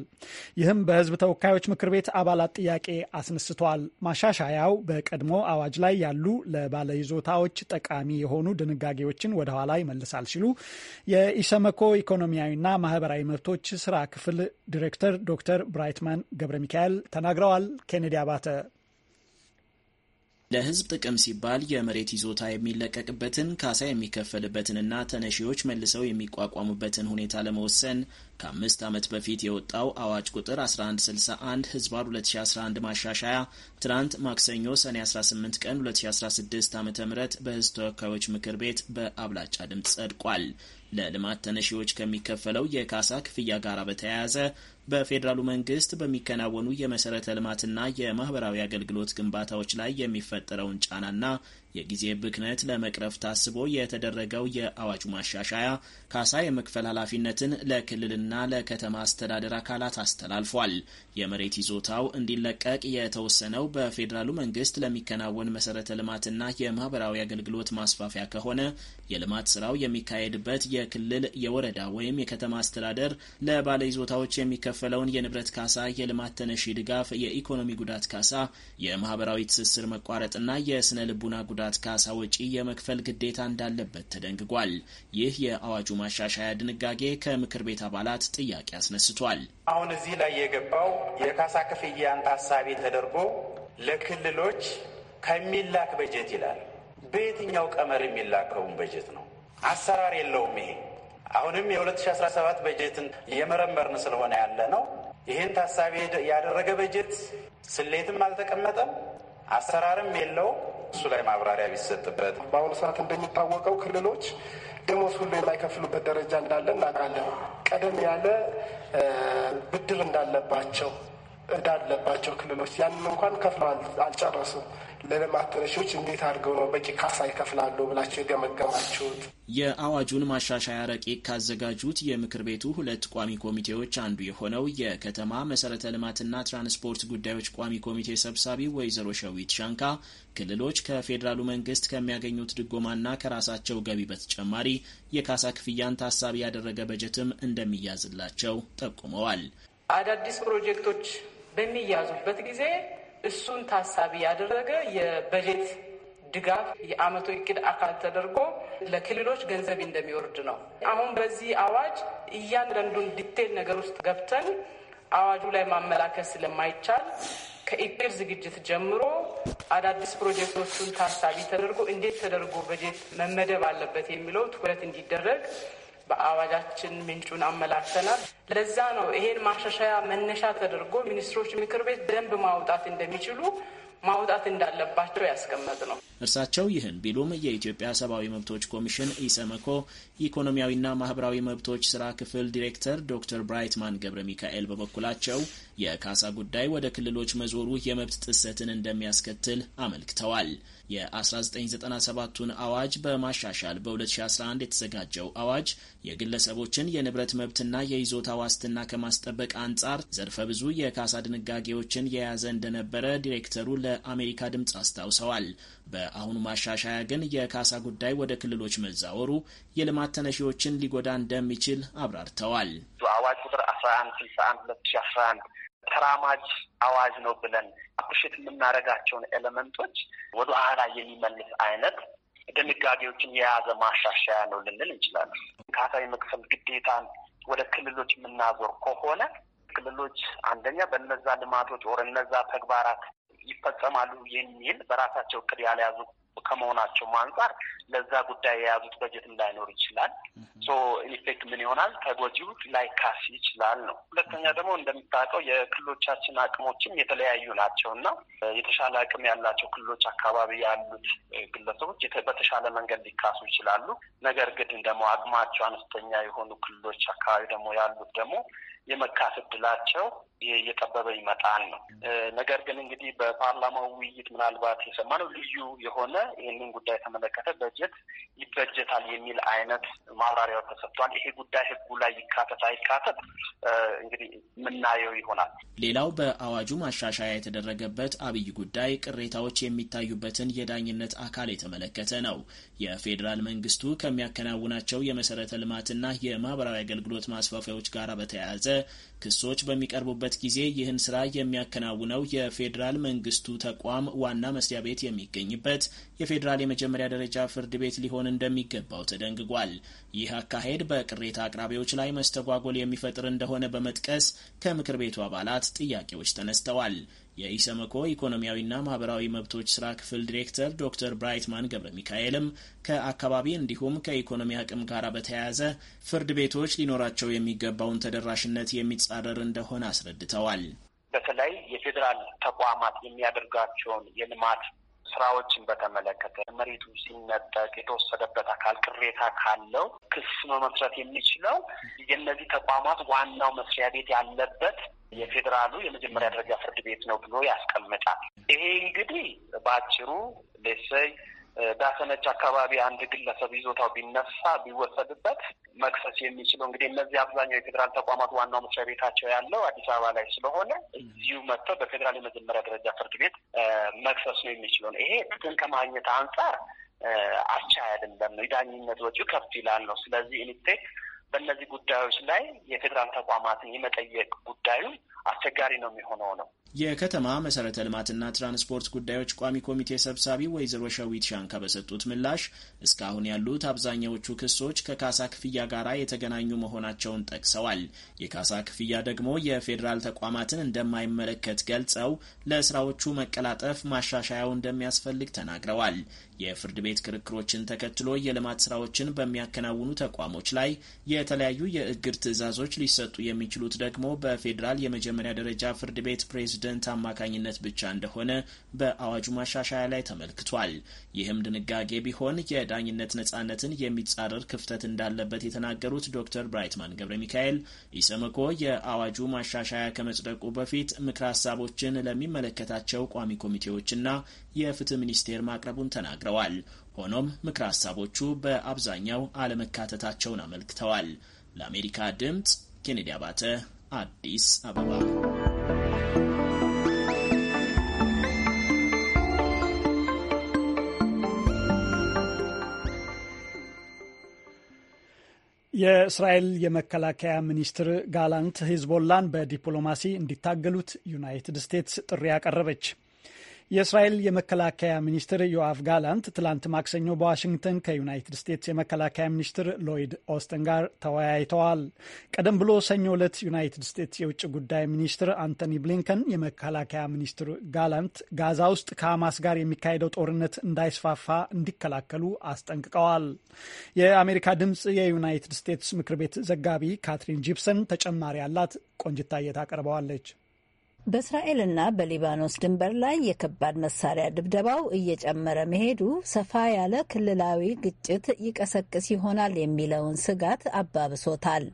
ይህም በህዝብ ተወካዮች ምክር ቤት አባላት ጥያቄ አስነስቷል። ማሻሻያው በቀድሞ አዋጅ ላይ ያሉ ለባለይዞታዎች ጠቃሚ የሆኑ ድንጋጌዎችን ወደኋላ ይመልሳል ሲሉ የኢሰመኮ ኢኮኖሚያዊና ማህበራዊ መብቶች ስራ ክፍል ዲሬክተር ዶክተር ብራይትማን ገብረ ሚካኤል ተናግረዋል። ኬኔዲ አባተ ለህዝብ ጥቅም ሲባል የመሬት ይዞታ የሚለቀቅበትን ካሳ የሚከፈልበትንና ተነሺዎች መልሰው የሚቋቋሙበትን ሁኔታ ለመወሰን ከአምስት ዓመት በፊት የወጣው አዋጅ ቁጥር 1161 ህዝባር 2011 ማሻሻያ ትናንት ማክሰኞ ሰኔ 18 ቀን 2016 ዓ ም በህዝብ ተወካዮች ምክር ቤት በአብላጫ ድምፅ ጸድቋል። ለልማት ተነሺዎች ከሚከፈለው የካሳ ክፍያ ጋር በተያያዘ በፌዴራሉ መንግስት በሚከናወኑ የመሰረተ ልማትና የማህበራዊ አገልግሎት ግንባታዎች ላይ የሚፈጠረውን ጫናና የጊዜ ብክነት ለመቅረፍ ታስቦ የተደረገው የአዋጁ ማሻሻያ ካሳ የመክፈል ኃላፊነትን ለክልልና ለከተማ አስተዳደር አካላት አስተላልፏል። የመሬት ይዞታው እንዲለቀቅ የተወሰነው በፌዴራሉ መንግስት ለሚከናወን መሰረተ ልማትና የማህበራዊ አገልግሎት ማስፋፊያ ከሆነ የልማት ስራው የሚካሄድበት የክልል የወረዳ ወይም የከተማ አስተዳደር ለባለ ይዞታዎች የሚከፈለውን የንብረት ካሳ፣ የልማት ተነሺ ድጋፍ፣ የኢኮኖሚ ጉዳት ካሳ፣ የማህበራዊ ትስስር መቋረጥና የስነ ልቡና ጉዳት ጉዳት ካሳ ወጪ የመክፈል ግዴታ እንዳለበት ተደንግጓል። ይህ የአዋጁ ማሻሻያ ድንጋጌ ከምክር ቤት አባላት ጥያቄ አስነስቷል። አሁን እዚህ ላይ የገባው የካሳ ክፍያን ታሳቢ ተደርጎ ለክልሎች ከሚላክ በጀት ይላል። በየትኛው ቀመር የሚላከውን በጀት ነው? አሰራር የለውም። ይሄ አሁንም የ2017 በጀትን እየመረመርን ስለሆነ ያለ ነው። ይህን ታሳቢ ያደረገ በጀት ስሌትም አልተቀመጠም፣ አሰራርም የለውም። እሱ ላይ ማብራሪያ ቢሰጥበት። በአሁኑ ሰዓት እንደሚታወቀው ክልሎች ደሞዝ ሁሉ የማይከፍሉበት ደረጃ እንዳለ እናውቃለን። ቀደም ያለ ብድር እንዳለባቸው እዳ አለባቸው ክልሎች ያንን እንኳን ከፍለው አልጨረሱም። ለልማት ተነሺዎች እንዴት አድርገው ነው በቂ ካሳ ይከፍላሉ ብላችሁ የገመገማችሁት? የአዋጁን ማሻሻያ ረቂቅ ካዘጋጁት የምክር ቤቱ ሁለት ቋሚ ኮሚቴዎች አንዱ የሆነው የከተማ መሰረተ ልማትና ትራንስፖርት ጉዳዮች ቋሚ ኮሚቴ ሰብሳቢ ወይዘሮ ሸዊት ሻንካ ክልሎች ከፌዴራሉ መንግስት ከሚያገኙት ድጎማና ከራሳቸው ገቢ በተጨማሪ የካሳ ክፍያን ታሳቢ ያደረገ በጀትም እንደሚያዝላቸው ጠቁመዋል። አዳዲስ ፕሮጀክቶች በሚያዙበት ጊዜ እሱን ታሳቢ ያደረገ የበጀት ድጋፍ የአመቱ እቅድ አካል ተደርጎ ለክልሎች ገንዘብ እንደሚወርድ ነው። አሁን በዚህ አዋጅ እያንዳንዱን ዲቴል ነገር ውስጥ ገብተን አዋጁ ላይ ማመላከት ስለማይቻል ከእቅድ ዝግጅት ጀምሮ አዳዲስ ፕሮጀክቶቹን ታሳቢ ተደርጎ እንዴት ተደርጎ በጀት መመደብ አለበት የሚለው ትኩረት እንዲደረግ በአዋጃችን ምንጩን አመላክተናል። ለዛ ነው ይሄን ማሻሻያ መነሻ ተደርጎ ሚኒስትሮች ምክር ቤት ደንብ ማውጣት እንደሚችሉ ማውጣት እንዳለባቸው ያስቀመጥ ነው። እርሳቸው ይህን ቢሉም የኢትዮጵያ ሰብአዊ መብቶች ኮሚሽን ኢሰመኮ ኢኮኖሚያዊና ማህበራዊ መብቶች ስራ ክፍል ዲሬክተር ዶክተር ብራይትማን ገብረ ሚካኤል በበኩላቸው የካሳ ጉዳይ ወደ ክልሎች መዞሩ የመብት ጥሰትን እንደሚያስከትል አመልክተዋል። የ1997ቱን አዋጅ በማሻሻል በ2011 የተዘጋጀው አዋጅ የግለሰቦችን የንብረት መብትና የይዞታ ዋስትና ከማስጠበቅ አንጻር ዘርፈ ብዙ የካሳ ድንጋጌዎችን የያዘ እንደነበረ ዲሬክተሩ ለአሜሪካ ድምፅ አስታውሰዋል። በአሁኑ ማሻሻያ ግን የካሳ ጉዳይ ወደ ክልሎች መዛወሩ የልማት ተነሺዎችን ሊጎዳ እንደሚችል አብራርተዋል። አዋጅ ቁጥር ተራማጅ አዋጅ ነው ብለን አፕሪሼት የምናደርጋቸውን ኤሌመንቶች ወደ ኋላ የሚመልስ አይነት ድንጋጌዎችን የያዘ ማሻሻያ ነው ልንል እንችላለን። ካሳ የመክፈል ግዴታን ወደ ክልሎች የምናዞር ከሆነ ክልሎች አንደኛ በነዛ ልማቶች ወር እነዛ ተግባራት ይፈጸማሉ የሚል በራሳቸው እቅድ ያልያዙ ከመሆናቸው አንጻር ለዛ ጉዳይ የያዙት በጀትም ላይኖር ይችላል። ሶ ኢንፌክት ምን ይሆናል ተጎጂው ላይ ካስ ይችላል ነው። ሁለተኛ ደግሞ እንደምታውቀው የክልሎቻችን አቅሞችም የተለያዩ ናቸው እና የተሻለ አቅም ያላቸው ክልሎች አካባቢ ያሉት ግለሰቦች በተሻለ መንገድ ሊካሱ ይችላሉ። ነገር ግን ደግሞ አቅማቸው አነስተኛ የሆኑ ክልሎች አካባቢ ደግሞ ያሉት ደግሞ የመካስ እድላቸው እየጠበበ ይመጣል ነው። ነገር ግን እንግዲህ በፓርላማው ውይይት ምናልባት የሰማነው ልዩ የሆነ ይህንን ጉዳይ የተመለከተ በጀት ይበጀታል የሚል አይነት ማብራሪያው ተሰጥቷል። ይሄ ጉዳይ ህጉ ላይ ይካተት አይካተት እንግዲህ የምናየው ይሆናል። ሌላው በአዋጁ ማሻሻያ የተደረገበት አብይ ጉዳይ ቅሬታዎች የሚታዩበትን የዳኝነት አካል የተመለከተ ነው። የፌዴራል መንግስቱ ከሚያከናውናቸው የመሰረተ ልማትና የማህበራዊ አገልግሎት ማስፋፊያዎች ጋር በተያያዘ ክሶች በሚቀርቡበት ጊዜ ይህን ስራ የሚያከናውነው የፌዴራል መንግስቱ ተቋም ዋና መስሪያ ቤት የሚገኝበት የፌዴራል የመጀመሪያ ደረጃ ፍርድ ቤት ሊሆን እንደሚገባው ተደንግጓል። ይህ አካሄድ በቅሬታ አቅራቢዎች ላይ መስተጓጎል የሚፈጥር እንደሆነ በመጥቀስ ከምክር ቤቱ አባላት ጥያቄዎች ተነስተዋል። የኢሰመኮ ኢኮኖሚያዊና ማህበራዊ መብቶች ስራ ክፍል ዲሬክተር ዶክተር ብራይትማን ገብረ ሚካኤልም ከአካባቢ እንዲሁም ከኢኮኖሚ አቅም ጋር በተያያዘ ፍርድ ቤቶች ሊኖራቸው የሚገባውን ተደራሽነት የሚጻረር እንደሆነ አስረድተዋል። በተለይ የፌዴራል ተቋማት የሚያደርጋቸውን የልማት ስራዎችን በተመለከተ መሬቱ ሲነጠቅ የተወሰደበት አካል ቅሬታ ካለው ክስ መመስረት የሚችለው የእነዚህ ተቋማት ዋናው መስሪያ ቤት ያለበት የፌዴራሉ የመጀመሪያ ደረጃ ፍርድ ቤት ነው ብሎ ያስቀምጣል። ይሄ እንግዲህ በአጭሩ ሌሰይ ዳሰነች አካባቢ አንድ ግለሰብ ይዞታው ቢነሳ ቢወሰድበት መክሰስ የሚችለው እንግዲህ እነዚህ አብዛኛው የፌዴራል ተቋማት ዋናው መስሪያ ቤታቸው ያለው አዲስ አበባ ላይ ስለሆነ እዚሁ መጥተው በፌዴራል የመጀመሪያ ደረጃ ፍርድ ቤት መክሰስ ነው የሚችለው ነው። ይሄ ፍትህን ከማግኘት አንጻር አቻ አይደለም። የዳኝነት ወጪው ከፍ ይላል ነው። ስለዚህ ኢኒቴክ በእነዚህ ጉዳዮች ላይ የፌዴራል ተቋማትን የመጠየቅ ጉዳዩ አስቸጋሪ ነው የሚሆነው ነው። የከተማ መሰረተ ልማትና ትራንስፖርት ጉዳዮች ቋሚ ኮሚቴ ሰብሳቢ ወይዘሮ ሸዊት ሻንካ በሰጡት ምላሽ እስካሁን ያሉት አብዛኛዎቹ ክሶች ከካሳ ክፍያ ጋር የተገናኙ መሆናቸውን ጠቅሰዋል። የካሳ ክፍያ ደግሞ የፌዴራል ተቋማትን እንደማይመለከት ገልጸው ለስራዎቹ መቀላጠፍ ማሻሻያው እንደሚያስፈልግ ተናግረዋል። የፍርድ ቤት ክርክሮችን ተከትሎ የልማት ስራዎችን በሚያከናውኑ ተቋሞች ላይ የተለያዩ የእግድ ትዕዛዞች ሊሰጡ የሚችሉት ደግሞ በፌዴራል የመጀመሪያ ደረጃ ፍርድ ቤት ፕሬዝደንት አማካኝነት ብቻ እንደሆነ በአዋጁ ማሻሻያ ላይ ተመልክቷል። ይህም ድንጋጌ ቢሆን የ የዳኝነት ነጻነትን የሚጻረር ክፍተት እንዳለበት የተናገሩት ዶክተር ብራይትማን ገብረ ሚካኤል ኢሰመኮ የአዋጁ ማሻሻያ ከመጽደቁ በፊት ምክረ ሀሳቦችን ለሚመለከታቸው ቋሚ ኮሚቴዎችና የፍትህ ሚኒስቴር ማቅረቡን ተናግረዋል። ሆኖም ምክረ ሀሳቦቹ በአብዛኛው አለመካተታቸውን አመልክተዋል። ለአሜሪካ ድምፅ ኬኔዲ አባተ አዲስ አበባ የእስራኤል የመከላከያ ሚኒስትር ጋላንት ሂዝቦላን በዲፕሎማሲ እንዲታገሉት ዩናይትድ ስቴትስ ጥሪ አቀረበች። የእስራኤል የመከላከያ ሚኒስትር ዮአፍ ጋላንት ትላንት ማክሰኞ በዋሽንግተን ከዩናይትድ ስቴትስ የመከላከያ ሚኒስትር ሎይድ ኦስተን ጋር ተወያይተዋል። ቀደም ብሎ ሰኞ ዕለት ዩናይትድ ስቴትስ የውጭ ጉዳይ ሚኒስትር አንቶኒ ብሊንከን የመከላከያ ሚኒስትር ጋላንት ጋዛ ውስጥ ከሐማስ ጋር የሚካሄደው ጦርነት እንዳይስፋፋ እንዲከላከሉ አስጠንቅቀዋል። የአሜሪካ ድምፅ የዩናይትድ ስቴትስ ምክር ቤት ዘጋቢ ካትሪን ጂፕሰን ተጨማሪ ያላት ቆንጅታየት አቀርበዋለች። በእስራኤልና በሊባኖስ ድንበር ላይ የከባድ መሳሪያ ድብደባው እየጨመረ መሄዱ ሰፋ ያለ ክልላዊ ግጭት ይቀሰቅስ ይሆናል የሚለውን ስጋት አባብሶታል።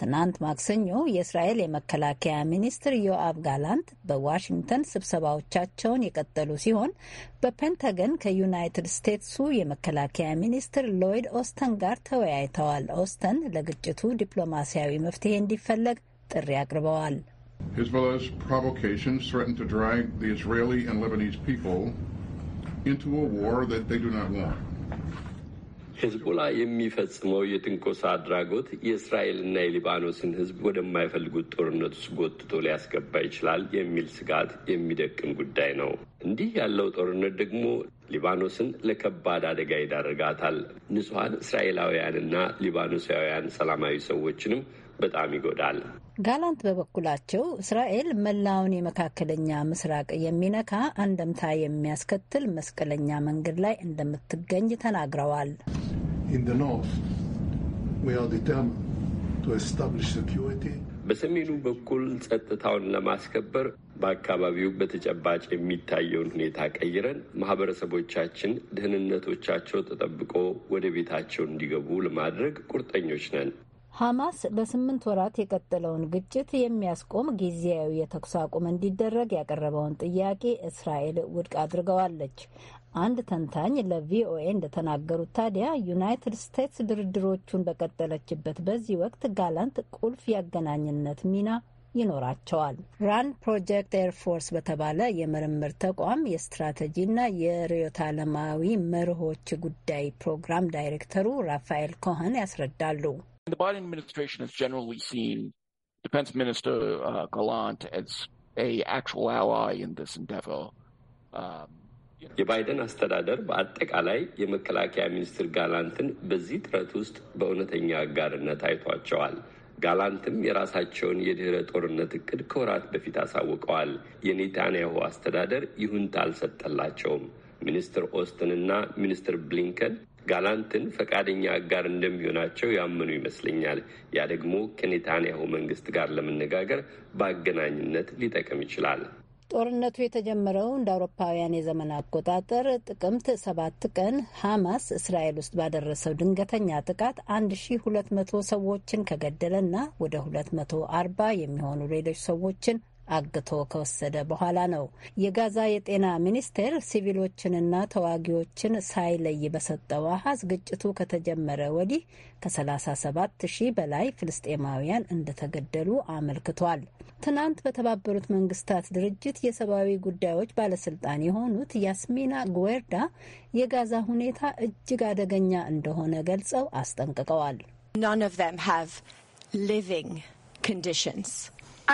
ትናንት ማክሰኞ የእስራኤል የመከላከያ ሚኒስትር ዮአብ ጋላንት በዋሽንግተን ስብሰባዎቻቸውን የቀጠሉ ሲሆን በፔንታገን ከዩናይትድ ስቴትሱ የመከላከያ ሚኒስትር ሎይድ ኦስተን ጋር ተወያይተዋል። ኦስተን ለግጭቱ ዲፕሎማሲያዊ መፍትሄ እንዲፈለግ ጥሪ አቅርበዋል። Hezbollah's provocations threaten to drag the Israeli and Lebanese people into a war that they do not want. ሄዝቦላ የሚፈጽመው የትንኮሳ አድራጎት የእስራኤልና የሊባኖስን ሕዝብ ወደማይፈልጉት ጦርነት ውስጥ ጎትቶ ሊያስገባ ይችላል የሚል ስጋት የሚደቅን ጉዳይ ነው። እንዲህ ያለው ጦርነት ደግሞ ሊባኖስን ለከባድ አደጋ ይዳርጋታል። ንጹሐን እስራኤላውያንና ሊባኖሳውያን ሰላማዊ ሰዎችንም በጣም ይጎዳል። ጋላንት በበኩላቸው እስራኤል መላውን የመካከለኛ ምስራቅ የሚነካ አንደምታ የሚያስከትል መስቀለኛ መንገድ ላይ እንደምትገኝ ተናግረዋል። በሰሜኑ በኩል ጸጥታውን ለማስከበር በአካባቢው በተጨባጭ የሚታየውን ሁኔታ ቀይረን ማህበረሰቦቻችን ደህንነቶቻቸው ተጠብቆ ወደ ቤታቸው እንዲገቡ ለማድረግ ቁርጠኞች ነን። ሐማስ ለስምንት ወራት የቀጠለውን ግጭት የሚያስቆም ጊዜያዊ የተኩስ አቁም እንዲደረግ ያቀረበውን ጥያቄ እስራኤል ውድቅ አድርገዋለች። አንድ ተንታኝ ለቪኦኤ እንደተናገሩት ታዲያ ዩናይትድ ስቴትስ ድርድሮቹን በቀጠለችበት በዚህ ወቅት ጋላንት ቁልፍ ያገናኝነት ሚና ይኖራቸዋል። ራን ፕሮጀክት ኤርፎርስ በተባለ የምርምር ተቋም የስትራቴጂና የርዕዮተ ዓለማዊ መርሆች ጉዳይ ፕሮግራም ዳይሬክተሩ ራፋኤል ኮኸን ያስረዳሉ። the Biden administration has generally seen Defense Minister uh, Gallant as a actual ally in this endeavor. Um, የባይደን አስተዳደር በአጠቃላይ የመከላከያ ሚኒስትር ጋላንትን በዚህ ጥረት ውስጥ በእውነተኛ አጋርነት አይቷቸዋል። ጋላንትም የራሳቸውን የድህረ ጦርነት እቅድ ከወራት በፊት አሳውቀዋል። የኔታንያሁ አስተዳደር ይሁንታ አልሰጠላቸውም። ሚኒስትር ኦስትንና ሚኒስትር ብሊንከን ጋላንትን ፈቃደኛ አጋር እንደሚሆናቸው ያመኑ ይመስለኛል። ያ ደግሞ ከኔታንያሁ መንግስት ጋር ለመነጋገር በአገናኝነት ሊጠቅም ይችላል። ጦርነቱ የተጀመረው እንደ አውሮፓውያን የዘመን አቆጣጠር ጥቅምት ሰባት ቀን ሐማስ እስራኤል ውስጥ ባደረሰው ድንገተኛ ጥቃት 1200 ሰዎችን ከገደለና ወደ 240 የሚሆኑ ሌሎች ሰዎችን አግቶ ከወሰደ በኋላ ነው። የጋዛ የጤና ሚኒስቴር ሲቪሎችንና ተዋጊዎችን ሳይለይ በሰጠው አሃዝ ግጭቱ ከተጀመረ ወዲህ ከ37 ሺህ በላይ ፍልስጤማውያን እንደተገደሉ አመልክቷል። ትናንት በተባበሩት መንግስታት ድርጅት የሰብአዊ ጉዳዮች ባለስልጣን የሆኑት ያስሚና ጉዌርዳ የጋዛ ሁኔታ እጅግ አደገኛ እንደሆነ ገልጸው አስጠንቅቀዋል። None of them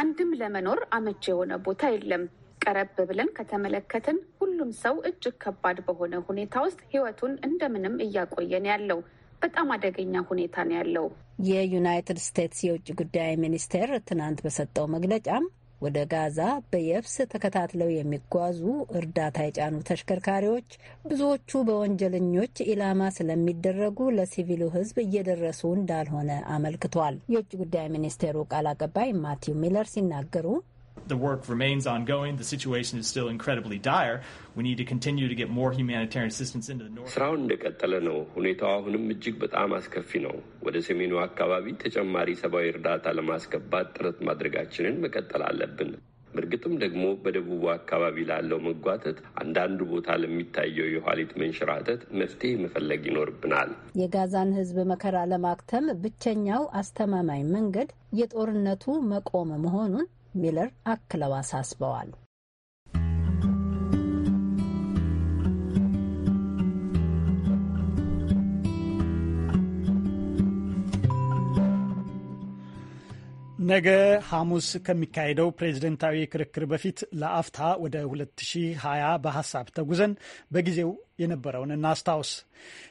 አንድም ለመኖር አመቺ የሆነ ቦታ የለም። ቀረብ ብለን ከተመለከትን ሁሉም ሰው እጅግ ከባድ በሆነ ሁኔታ ውስጥ ህይወቱን እንደምንም እያቆየን ያለው በጣም አደገኛ ሁኔታ ነው ያለው። የዩናይትድ ስቴትስ የውጭ ጉዳይ ሚኒስቴር ትናንት በሰጠው መግለጫም ወደ ጋዛ በየብስ ተከታትለው የሚጓዙ እርዳታ የጫኑ ተሽከርካሪዎች ብዙዎቹ በወንጀለኞች ኢላማ ስለሚደረጉ ለሲቪሉ ሕዝብ እየደረሱ እንዳልሆነ አመልክቷል። የውጭ ጉዳይ ሚኒስቴሩ ቃል አቀባይ ማቲው ሚለር ሲናገሩ the work remains ongoing. The situation is still incredibly dire. We need to continue to get more humanitarian assistance into the north. ስራውን እንደቀጠለ ነው። ሁኔታው አሁንም እጅግ በጣም አስከፊ ነው። ወደ ሰሜኑ አካባቢ ተጨማሪ ሰብአዊ እርዳታ ለማስገባት ጥረት ማድረጋችንን መቀጠል አለብን። በእርግጥም ደግሞ በደቡቡ አካባቢ ላለው መጓተት አንዳንዱ ቦታ ለሚታየው የኋሊት መንሸራተት መፍትሄ መፈለግ ይኖርብናል። የጋዛን ሕዝብ መከራ ለማክተም ብቸኛው አስተማማኝ መንገድ የጦርነቱ መቆም መሆኑን ሚለር አክለው አሳስበዋል። ነገ ሐሙስ ከሚካሄደው ፕሬዝደንታዊ ክርክር በፊት ለአፍታ ወደ 2020 በሀሳብ ተጉዘን በጊዜው የነበረውን እናስታውስ።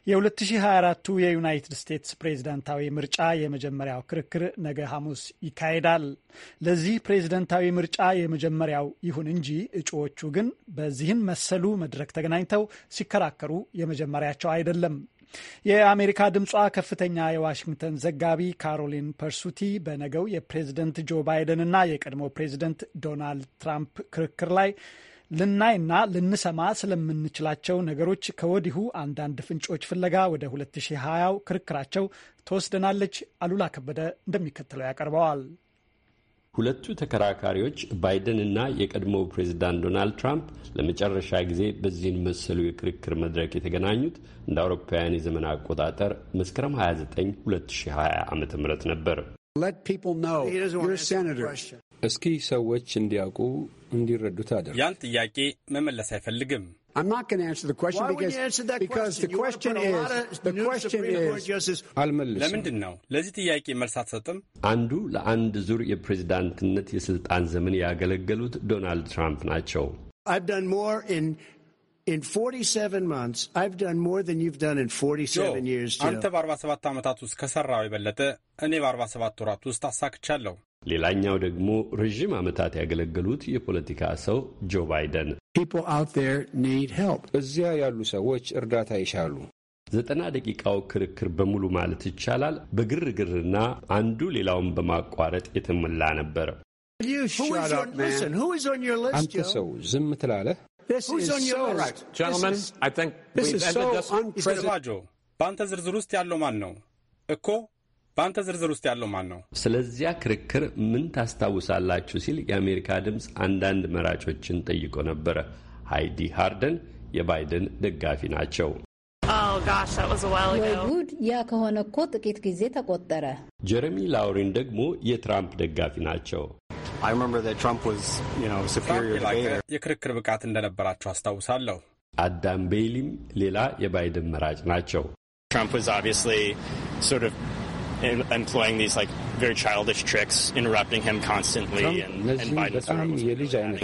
የ2024ቱ የዩናይትድ ስቴትስ ፕሬዝደንታዊ ምርጫ የመጀመሪያው ክርክር ነገ ሐሙስ ይካሄዳል። ለዚህ ፕሬዝደንታዊ ምርጫ የመጀመሪያው ይሁን እንጂ እጩዎቹ ግን በዚህን መሰሉ መድረክ ተገናኝተው ሲከራከሩ የመጀመሪያቸው አይደለም። የአሜሪካ ድምጿ ከፍተኛ የዋሽንግተን ዘጋቢ ካሮሊን ፐርሱቲ በነገው የፕሬዝደንት ጆ ባይደን እና የቀድሞ ፕሬዝደንት ዶናልድ ትራምፕ ክርክር ላይ ልናይና ልንሰማ ስለምንችላቸው ነገሮች ከወዲሁ አንዳንድ ፍንጮች ፍለጋ ወደ 2020 ክርክራቸው ትወስደናለች። አሉላ ከበደ እንደሚከተለው ያቀርበዋል። ሁለቱ ተከራካሪዎች ባይደን እና የቀድሞው ፕሬዚዳንት ዶናልድ ትራምፕ ለመጨረሻ ጊዜ በዚህን መሰሉ የክርክር መድረክ የተገናኙት እንደ አውሮፓውያን የዘመን አቆጣጠር መስከረም 29 2020 ዓ ም ነበር። እስኪ ሰዎች እንዲያውቁ እንዲረዱት አድርግ። ያን ጥያቄ መመለስ አይፈልግም። ለምንድን ነው ለዚህ ጥያቄ መልስ አትሰጥም? አንዱ ለአንድ ዙር የፕሬዝዳንትነት የስልጣን ዘመን ያገለገሉት ዶናልድ ትራምፕ ናቸው። አንተ በ47 ዓመታት ውስጥ ከሰራው የበለጠ እኔ በ47 ወራት ውስጥ አሳክቻለሁ። ሌላኛው ደግሞ ረዥም ዓመታት ያገለገሉት የፖለቲካ ሰው ጆ ባይደን እዚያ ያሉ ሰዎች እርዳታ ይሻሉ። ዘጠና ደቂቃው ክርክር በሙሉ ማለት ይቻላል በግርግርና አንዱ ሌላውን በማቋረጥ የተሞላ ነበር። አንተ ሰው ዝም ትላለህ? በአንተ ዝርዝር ውስጥ ያለው ማን ነው እኮ በአንተ ዝርዝር ውስጥ ያለው ማን ነው? ስለዚያ ክርክር ምን ታስታውሳላችሁ? ሲል የአሜሪካ ድምፅ አንዳንድ መራጮችን ጠይቆ ነበረ። ሃይዲ ሃርደን የባይደን ደጋፊ ናቸው። oh, ጉድ! ያ ከሆነ እኮ ጥቂት ጊዜ ተቆጠረ። ጀረሚ ላውሪን ደግሞ የትራምፕ ደጋፊ ናቸው። የክርክር ብቃት እንደነበራቸው አስታውሳለሁ። አዳም ቤይሊም ሌላ የባይደን መራጭ ናቸው። employing these like very childish tricks, interrupting him constantly and, and Biden's በጣም የልጅ አይነት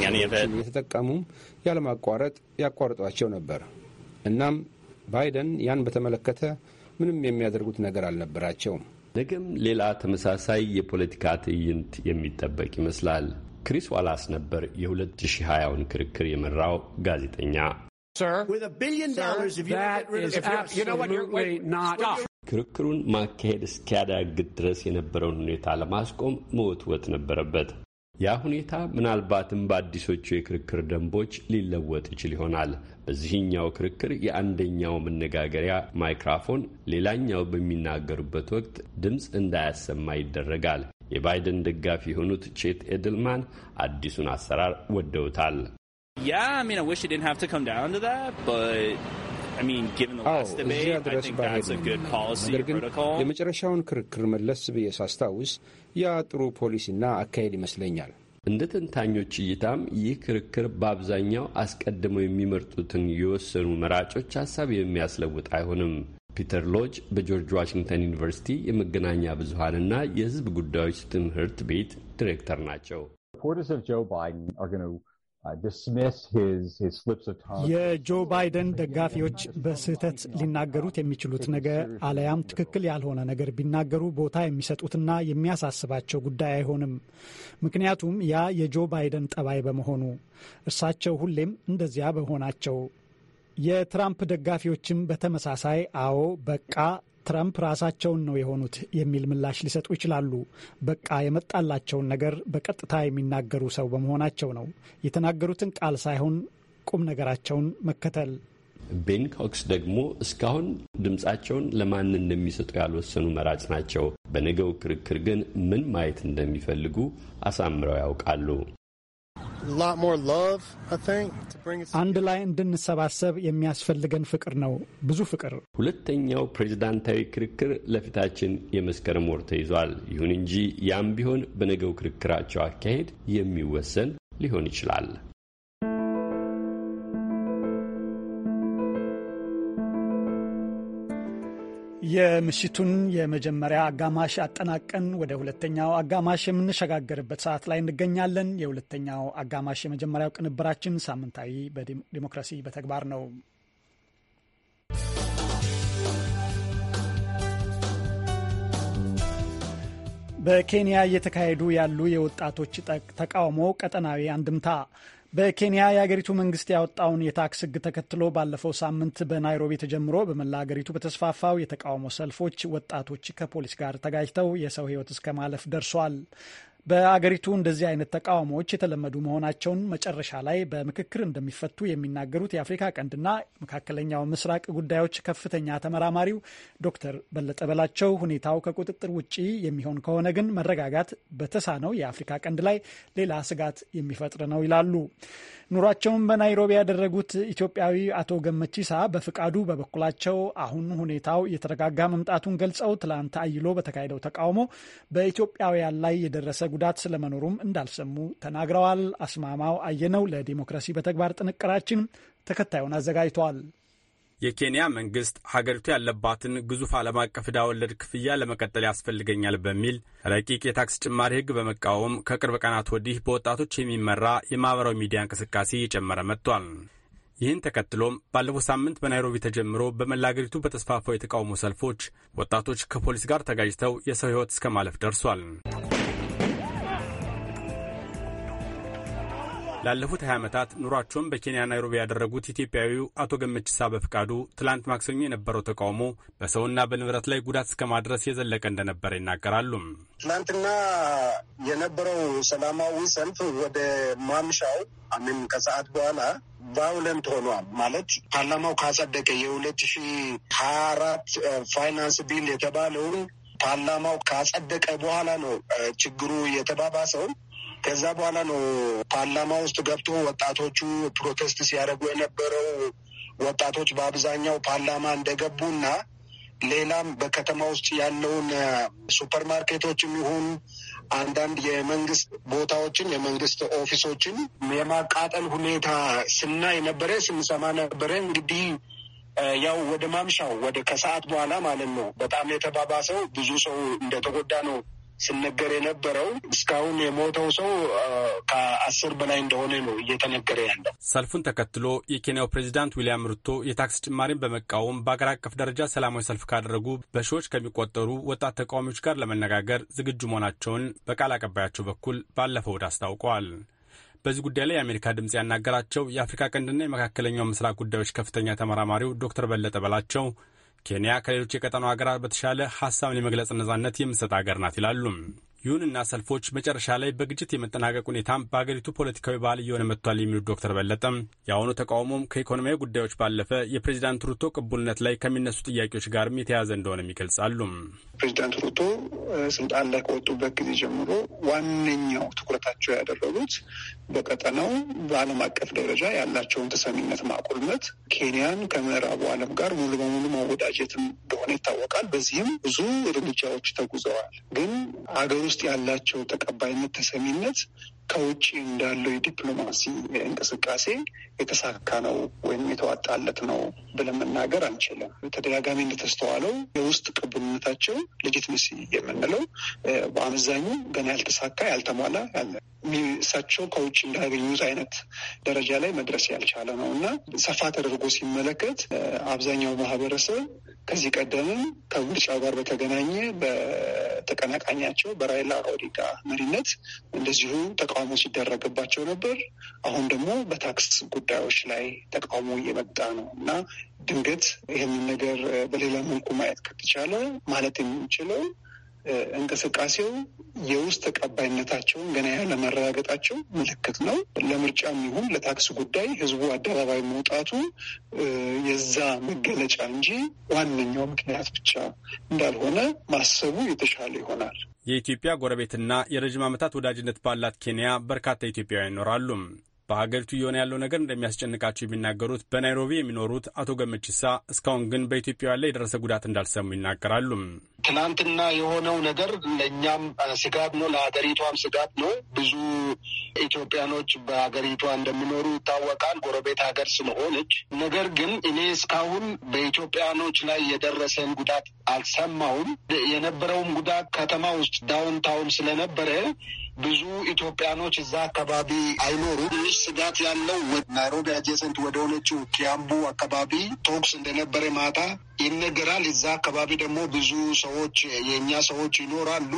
የተጠቀሙ ያለማቋረጥ ያቋርጧቸው ነበር። እናም ባይደን ያን በተመለከተ ምንም የሚያደርጉት ነገም ሌላ ተመሳሳይ የፖለቲካ ትዕይንት የሚጠበቅ ይመስላል። ክሪስ ዋላስ ነበር የ2020ን ክርክር የመራው ጋዜጠኛ። Sir, with a billion dollars, if you, Sir, that is you know, absolutely you know what, not. ክርክሩን ማካሄድ እስኪያዳግድ ድረስ የነበረውን ሁኔታ ለማስቆም መወትወት ነበረበት። ያ ሁኔታ ምናልባትም በአዲሶቹ የክርክር ደንቦች ሊለወጥ ይችል ይሆናል። በዚህኛው ክርክር የአንደኛው መነጋገሪያ ማይክራፎን ሌላኛው በሚናገሩበት ወቅት ድምፅ እንዳያሰማ ይደረጋል። የባይደን ደጋፊ የሆኑት ቼት ኤድልማን አዲሱን አሰራር ወደውታል። እዚያ ድረስ ነገር ግን የመጨረሻውን ክርክር መለስ ብዬ ሳስታውስ ያ ጥሩ ፖሊሲና አካሄድ ይመስለኛል። እንደ ተንታኞች እይታም ይህ ክርክር በአብዛኛው አስቀድመው የሚመርጡትን የወሰኑ መራጮች ሀሳብ የሚያስለውጥ አይሆንም። ፒተር ሎጅ በጆርጅ ዋሽንግተን ዩኒቨርሲቲ የመገናኛ ብዙሀንና የሕዝብ ጉዳዮች ትምህርት ቤት ዲሬክተር ናቸው። Uh, የጆ ባይደን ደጋፊዎች በስህተት ሊናገሩት የሚችሉት ነገር አለያም ትክክል ያልሆነ ነገር ቢናገሩ ቦታ የሚሰጡትና የሚያሳስባቸው ጉዳይ አይሆንም። ምክንያቱም ያ የጆ ባይደን ጠባይ በመሆኑ እርሳቸው ሁሌም እንደዚያ በሆናቸው። የትራምፕ ደጋፊዎችም በተመሳሳይ አዎ፣ በቃ ትራምፕ ራሳቸውን ነው የሆኑት የሚል ምላሽ ሊሰጡ ይችላሉ። በቃ የመጣላቸውን ነገር በቀጥታ የሚናገሩ ሰው በመሆናቸው ነው የተናገሩትን ቃል ሳይሆን ቁም ነገራቸውን መከተል። ቤን ኮክስ ደግሞ እስካሁን ድምፃቸውን ለማን እንደሚሰጡ ያልወሰኑ መራጭ ናቸው። በነገው ክርክር ግን ምን ማየት እንደሚፈልጉ አሳምረው ያውቃሉ። አንድ ላይ እንድንሰባሰብ የሚያስፈልገን ፍቅር ነው፣ ብዙ ፍቅር። ሁለተኛው ፕሬዚዳንታዊ ክርክር ለፊታችን የመስከረም ወር ተይዟል። ይሁን እንጂ ያም ቢሆን በነገው ክርክራቸው አካሄድ የሚወሰን ሊሆን ይችላል። የምሽቱን የመጀመሪያ አጋማሽ አጠናቀን ወደ ሁለተኛው አጋማሽ የምንሸጋገርበት ሰዓት ላይ እንገኛለን። የሁለተኛው አጋማሽ የመጀመሪያው ቅንብራችን ሳምንታዊ በዲሞክራሲ በተግባር ነው። በኬንያ እየተካሄዱ ያሉ የወጣቶች ተቃውሞ ቀጠናዊ አንድምታ በኬንያ የአገሪቱ መንግስት ያወጣውን የታክስ ህግ ተከትሎ ባለፈው ሳምንት በናይሮቢ ተጀምሮ በመላ አገሪቱ በተስፋፋው የተቃውሞ ሰልፎች ወጣቶች ከፖሊስ ጋር ተጋጅተው የሰው ህይወት እስከ ማለፍ ደርሷል። በአገሪቱ እንደዚህ አይነት ተቃውሞዎች የተለመዱ መሆናቸውን መጨረሻ ላይ በምክክር እንደሚፈቱ የሚናገሩት የአፍሪካ ቀንድና መካከለኛው ምስራቅ ጉዳዮች ከፍተኛ ተመራማሪው ዶክተር በለጠ በላቸው ሁኔታው ከቁጥጥር ውጭ የሚሆን ከሆነ ግን መረጋጋት በተሳነው የአፍሪካ ቀንድ ላይ ሌላ ስጋት የሚፈጥር ነው ይላሉ። ኑሯቸውን በናይሮቢ ያደረጉት ኢትዮጵያዊ አቶ ገመቺሳ በፍቃዱ በበኩላቸው አሁን ሁኔታው የተረጋጋ መምጣቱን ገልጸው ትላንት አይሎ በተካሄደው ተቃውሞ በኢትዮጵያውያን ላይ የደረሰ ጉዳት ስለመኖሩም እንዳልሰሙ ተናግረዋል። አስማማው አየነው ለዲሞክራሲ በተግባር ጥንቅራችን ተከታዩን አዘጋጅተዋል። የኬንያ መንግስት ሀገሪቱ ያለባትን ግዙፍ ዓለም አቀፍ ዕዳ ወለድ ክፍያ ለመቀጠል ያስፈልገኛል በሚል ረቂቅ የታክስ ጭማሪ ሕግ በመቃወም ከቅርብ ቀናት ወዲህ በወጣቶች የሚመራ የማኅበራዊ ሚዲያ እንቅስቃሴ እየጨመረ መጥቷል። ይህን ተከትሎም ባለፈው ሳምንት በናይሮቢ ተጀምሮ በመላ አገሪቱ በተስፋፋው የተቃውሞ ሰልፎች ወጣቶች ከፖሊስ ጋር ተጋጅተው የሰው ሕይወት እስከ ማለፍ ደርሷል። ላለፉት 20 ዓመታት ኑሯቸውን በኬንያ ናይሮቢ ያደረጉት ኢትዮጵያዊው አቶ ገመችሳ በፍቃዱ ትላንት ማክሰኞ የነበረው ተቃውሞ በሰውና በንብረት ላይ ጉዳት እስከ ማድረስ የዘለቀ እንደነበረ ይናገራሉ። ትላንትና የነበረው ሰላማዊ ሰልፍ ወደ ማምሻው አሚን ከሰዓት በኋላ ቫውለንት ሆኗል። ማለት ፓርላማው ካጸደቀ የሁለት ሺ ሀያ አራት ፋይናንስ ቢል የተባለውን ፓርላማው ካጸደቀ በኋላ ነው ችግሩ የተባባሰው። ከዛ በኋላ ነው ፓርላማ ውስጥ ገብቶ ወጣቶቹ ፕሮቴስት ሲያደርጉ የነበረው ወጣቶች በአብዛኛው ፓርላማ እንደገቡና ሌላም በከተማ ውስጥ ያለውን ሱፐርማርኬቶችም ይሁን አንዳንድ የመንግስት ቦታዎችን የመንግስት ኦፊሶችን የማቃጠል ሁኔታ ስናይ ነበረ፣ ስንሰማ ነበረ። እንግዲህ ያው ወደ ማምሻው ወደ ከሰዓት በኋላ ማለት ነው በጣም የተባባሰው ብዙ ሰው እንደተጎዳ ነው ሲነገር የነበረው እስካሁን የሞተው ሰው ከአስር በላይ እንደሆነ ነው እየተነገረ ያለው። ሰልፉን ተከትሎ የኬንያው ፕሬዚዳንት ዊልያም ሩቶ የታክስ ጭማሪን በመቃወም በአገር አቀፍ ደረጃ ሰላማዊ ሰልፍ ካደረጉ በሺዎች ከሚቆጠሩ ወጣት ተቃዋሚዎች ጋር ለመነጋገር ዝግጁ መሆናቸውን በቃል አቀባያቸው በኩል ባለፈው እሁድ አስታውቀዋል። በዚህ ጉዳይ ላይ የአሜሪካ ድምፅ ያናገራቸው የአፍሪካ ቀንድና የመካከለኛው ምስራቅ ጉዳዮች ከፍተኛ ተመራማሪው ዶክተር በለጠ በላቸው ኬንያ ከሌሎች የቀጠናው ሀገራት በተሻለ ሀሳብን የመግለጽ ነጻነት የምትሰጥ ሀገር ናት ይላሉ። ይሁንና ሰልፎች መጨረሻ ላይ በግጭት የመጠናቀቅ ሁኔታም በአገሪቱ ፖለቲካዊ ባህል እየሆነ መጥቷል የሚሉት ዶክተር በለጠም የአሁኑ ተቃውሞም ከኢኮኖሚያዊ ጉዳዮች ባለፈ የፕሬዚዳንት ሩቶ ቅቡልነት ላይ ከሚነሱ ጥያቄዎች ጋርም የተያያዘ እንደሆነም ይገልጻሉ። ፕሬዚዳንት ሩቶ ስልጣን ላይ ከወጡበት ጊዜ ጀምሮ ዋነኛው ትኩረታቸው ያደረጉት በቀጠናው በዓለም አቀፍ ደረጃ ያላቸውን ተሰሚነት ማቁልመት፣ ኬንያን ከምዕራቡ ዓለም ጋር ሙሉ በሙሉ ማወዳጀት እንደሆነ ይታወቃል። በዚህም ብዙ እርምጃዎች ተጉዘዋል። ግን አገር ውስጥ ውስጥ ያላቸው ተቀባይነት፣ ተሰሚነት ከውጭ እንዳለው የዲፕሎማሲ እንቅስቃሴ የተሳካ ነው ወይም የተዋጣለት ነው ብለን መናገር አንችልም። በተደጋጋሚ እንደተስተዋለው የውስጥ ቅቡልነታቸው ሌጂትመሲ የምንለው በአመዛኙ ገና ያልተሳካ ያልተሟላ እሳቸው ከውጭ እንዳገኙት አይነት ደረጃ ላይ መድረስ ያልቻለ ነው እና ሰፋ ተደርጎ ሲመለከት አብዛኛው ማህበረሰብ ከዚህ ቀደምም ከምርጫው ጋር በተገናኘ በተቀናቃኛቸው በራይላ ኦዲጋ መሪነት እንደዚሁ ተቃውሞ ሲደረግባቸው ነበር። አሁን ደግሞ በታክስ ጉዳዮች ላይ ተቃውሞ እየመጣ ነው እና ድንገት ይህንን ነገር በሌላ መልኩ ማየት ከተቻለ ማለት የምንችለው እንቅስቃሴው የውስጥ ተቀባይነታቸውን ገና ያለመረጋገጣቸው ምልክት ነው። ለምርጫም ይሁን ለታክስ ጉዳይ ህዝቡ አደባባይ መውጣቱ የዛ መገለጫ እንጂ ዋነኛው ምክንያት ብቻ እንዳልሆነ ማሰቡ የተሻለ ይሆናል። የኢትዮጵያ ጎረቤትና የረዥም ዓመታት ወዳጅነት ባላት ኬንያ በርካታ ኢትዮጵያውያን ይኖራሉ። በሀገሪቱ እየሆነ ያለው ነገር እንደሚያስጨንቃቸው የሚናገሩት በናይሮቢ የሚኖሩት አቶ ገመችሳ እስካሁን ግን በኢትዮጵያ ላይ የደረሰ ጉዳት እንዳልሰሙ ይናገራሉ። ትናንትና የሆነው ነገር ለእኛም ስጋት ነው፣ ለሀገሪቷም ስጋት ነው። ብዙ ኢትዮጵያኖች በሀገሪቷ እንደሚኖሩ ይታወቃል፣ ጎረቤት ሀገር ስለሆነች። ነገር ግን እኔ እስካሁን በኢትዮጵያኖች ላይ የደረሰን ጉዳት አልሰማውም። የነበረውም ጉዳት ከተማ ውስጥ ዳውን ታውን ስለነበረ ብዙ ኢትዮጵያኖች እዛ አካባቢ አይኖሩም። ስጋት ያለው ናይሮቢ አጀሰንት ወደ ሆነችው ኪያምቡ አካባቢ ቶክስ እንደነበረ ማታ ይነገራል። እዛ አካባቢ ደግሞ ብዙ ሰዎች የእኛ ሰዎች ይኖራሉ።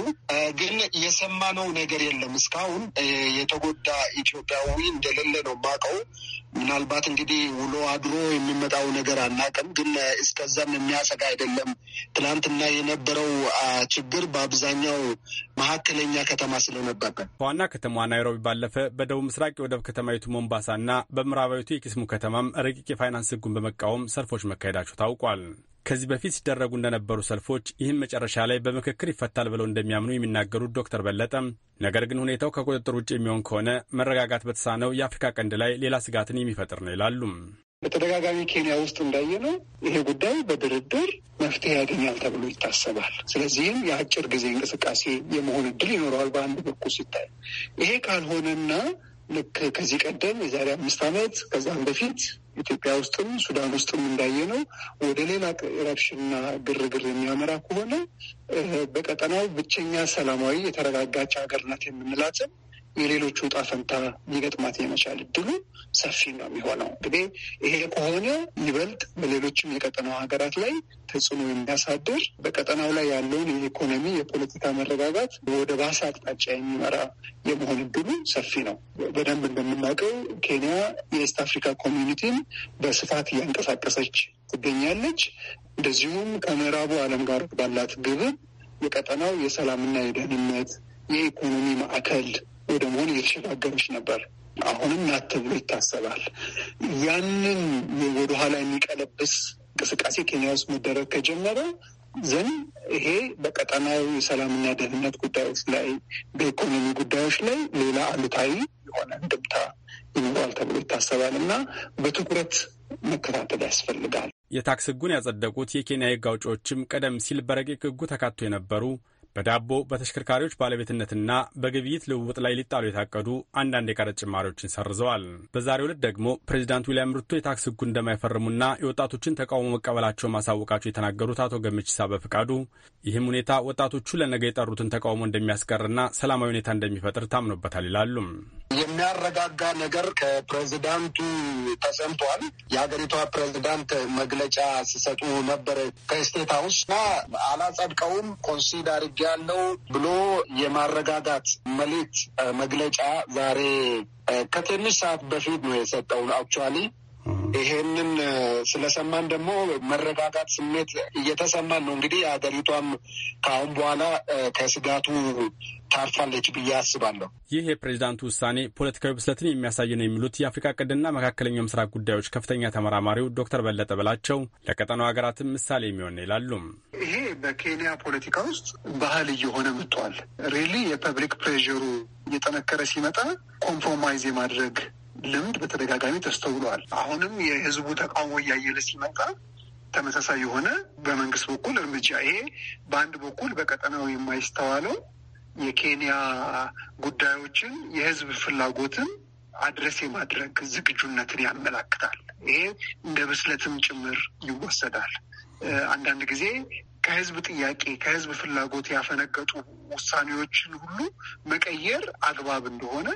ግን የሰማነው ነገር የለም እስካሁን የተጎዳ ኢትዮጵያዊ እንደሌለ ነው የማውቀው። ምናልባት እንግዲህ ውሎ አድሮ የሚመጣው ነገር አናውቅም፣ ግን እስከዛም የሚያሰጋ አይደለም። ትናንትና የነበረው ችግር በአብዛኛው መካከለኛ ከተማ ስለነበረ ከዋና ከተማ ናይሮቢ ባለፈ በደቡብ ምስራቅ የወደብ ከተማዊቱ ሞምባሳ እና በምዕራባዊቱ የኪስሙ ከተማም ረቂቅ የፋይናንስ ሕጉን በመቃወም ሰልፎች መካሄዳቸው ታውቋል። ከዚህ በፊት ሲደረጉ እንደነበሩ ሰልፎች ይህም መጨረሻ ላይ በምክክር ይፈታል ብለው እንደሚያምኑ የሚናገሩት ዶክተር በለጠም ነገር ግን ሁኔታው ከቁጥጥር ውጭ የሚሆን ከሆነ መረጋጋት በተሳነው የአፍሪካ ቀንድ ላይ ሌላ ስጋትን የሚፈጥር ነው ይላሉም። በተደጋጋሚ ኬንያ ውስጥ እንዳየነው ይሄ ጉዳይ በድርድር መፍትሄ ያገኛል ተብሎ ይታሰባል። ስለዚህም የአጭር ጊዜ እንቅስቃሴ የመሆን እድል ይኖረዋል በአንድ በኩል ሲታይ። ይሄ ካልሆነና ልክ ከዚህ ቀደም የዛሬ አምስት ዓመት ከዛም በፊት ኢትዮጵያ ውስጥም ሱዳን ውስጥም እንዳየ ነው። ወደ ሌላ ረብሽና ግርግር የሚያመራ ከሆነ በቀጠናው ብቸኛ ሰላማዊ የተረጋጋች ሀገር የምንላትን የሌሎቹ ዕጣ ፈንታ ሊገጥማት የመቻል እድሉ ሰፊ ነው የሚሆነው። እንግዲህ ይሄ ከሆነ ይበልጥ በሌሎችም የቀጠናው ሀገራት ላይ ተጽዕኖ የሚያሳድር በቀጠናው ላይ ያለውን የኢኮኖሚ፣ የፖለቲካ መረጋጋት ወደ ባሰ አቅጣጫ የሚመራ የመሆን እድሉ ሰፊ ነው። በደንብ እንደምናውቀው ኬንያ የኢስት አፍሪካ ኮሚኒቲን በስፋት እያንቀሳቀሰች ትገኛለች። እንደዚሁም ከምዕራቡ ዓለም ጋር ባላት ግብር የቀጠናው የሰላምና የደህንነት የኢኮኖሚ ማዕከል ወደ መሆን እየተሸጋገረች ነበር። አሁንም ናት ተብሎ ይታሰባል። ያንን ወደኋላ የሚቀለብስ እንቅስቃሴ ኬንያ ውስጥ መደረግ ከጀመረ ዘን ይሄ በቀጠናዊ የሰላምና ደህንነት ጉዳዮች ላይ በኢኮኖሚ ጉዳዮች ላይ ሌላ አሉታዊ የሆነ እንድምታ ይኖረዋል ተብሎ ይታሰባል እና በትኩረት መከታተል ያስፈልጋል። የታክስ ህጉን ያጸደቁት የኬንያ ህግ አውጪዎችም ቀደም ሲል በረቂቅ ህጉ ተካቶ የነበሩ በዳቦ በተሽከርካሪዎች ባለቤትነትና በግብይት ልውውጥ ላይ ሊጣሉ የታቀዱ አንዳንድ የቀረጥ ጭማሪዎችን ሰርዘዋል። በዛሬ ዕለት ደግሞ ፕሬዚዳንት ዊልያም ሩቶ የታክስ ህጉ እንደማይፈርሙና የወጣቶችን ተቃውሞ መቀበላቸው ማሳወቃቸው የተናገሩት አቶ ገመቺሳ በፍቃዱ ይህም ሁኔታ ወጣቶቹ ለነገ የጠሩትን ተቃውሞ እንደሚያስቀርና ሰላማዊ ሁኔታ እንደሚፈጥር ታምኖበታል ይላሉ። የሚያረጋጋ ነገር ከፕሬዚዳንቱ ተሰምቷል። የሀገሪቷ ፕሬዚዳንት መግለጫ ሲሰጡ ነበር ከስቴት ሀውስ እና አላጸድቀውም ኮንሲድ ያለው ብሎ የማረጋጋት መልእክት መግለጫ ዛሬ ከትንሽ ሰዓት በፊት ነው የሰጠውን አክቹዋሊ ይሄንን ስለሰማን ደግሞ መረጋጋት ስሜት እየተሰማን ነው። እንግዲህ ሀገሪቷም ከአሁን በኋላ ከስጋቱ ታርፋለች ብዬ አስባለሁ። ይህ የፕሬዚዳንቱ ውሳኔ ፖለቲካዊ ብስለትን የሚያሳይ ነው የሚሉት የአፍሪካ ቀንድና መካከለኛው ምስራቅ ጉዳዮች ከፍተኛ ተመራማሪው ዶክተር በለጠ በላቸው ለቀጠናው ሀገራትም ምሳሌ የሚሆን ነው ይላሉ። ይሄ በኬንያ ፖለቲካ ውስጥ ባህል እየሆነ መጥቷል። ሪሊ የፐብሊክ ፕሬሩ እየጠነከረ ሲመጣ ኮምፕሮማይዝ የማድረግ ልምድ በተደጋጋሚ ተስተውሏል። አሁንም የህዝቡ ተቃውሞ እያየለ ሲመጣ ተመሳሳይ የሆነ በመንግስት በኩል እርምጃ ይሄ በአንድ በኩል በቀጠናው የማይስተዋለው የኬንያ ጉዳዮችን የህዝብ ፍላጎትን አድረስ የማድረግ ዝግጁነትን ያመላክታል። ይሄ እንደ ብስለትም ጭምር ይወሰዳል። አንዳንድ ጊዜ ከህዝብ ጥያቄ ከህዝብ ፍላጎት ያፈነገጡ ውሳኔዎችን ሁሉ መቀየር አግባብ እንደሆነ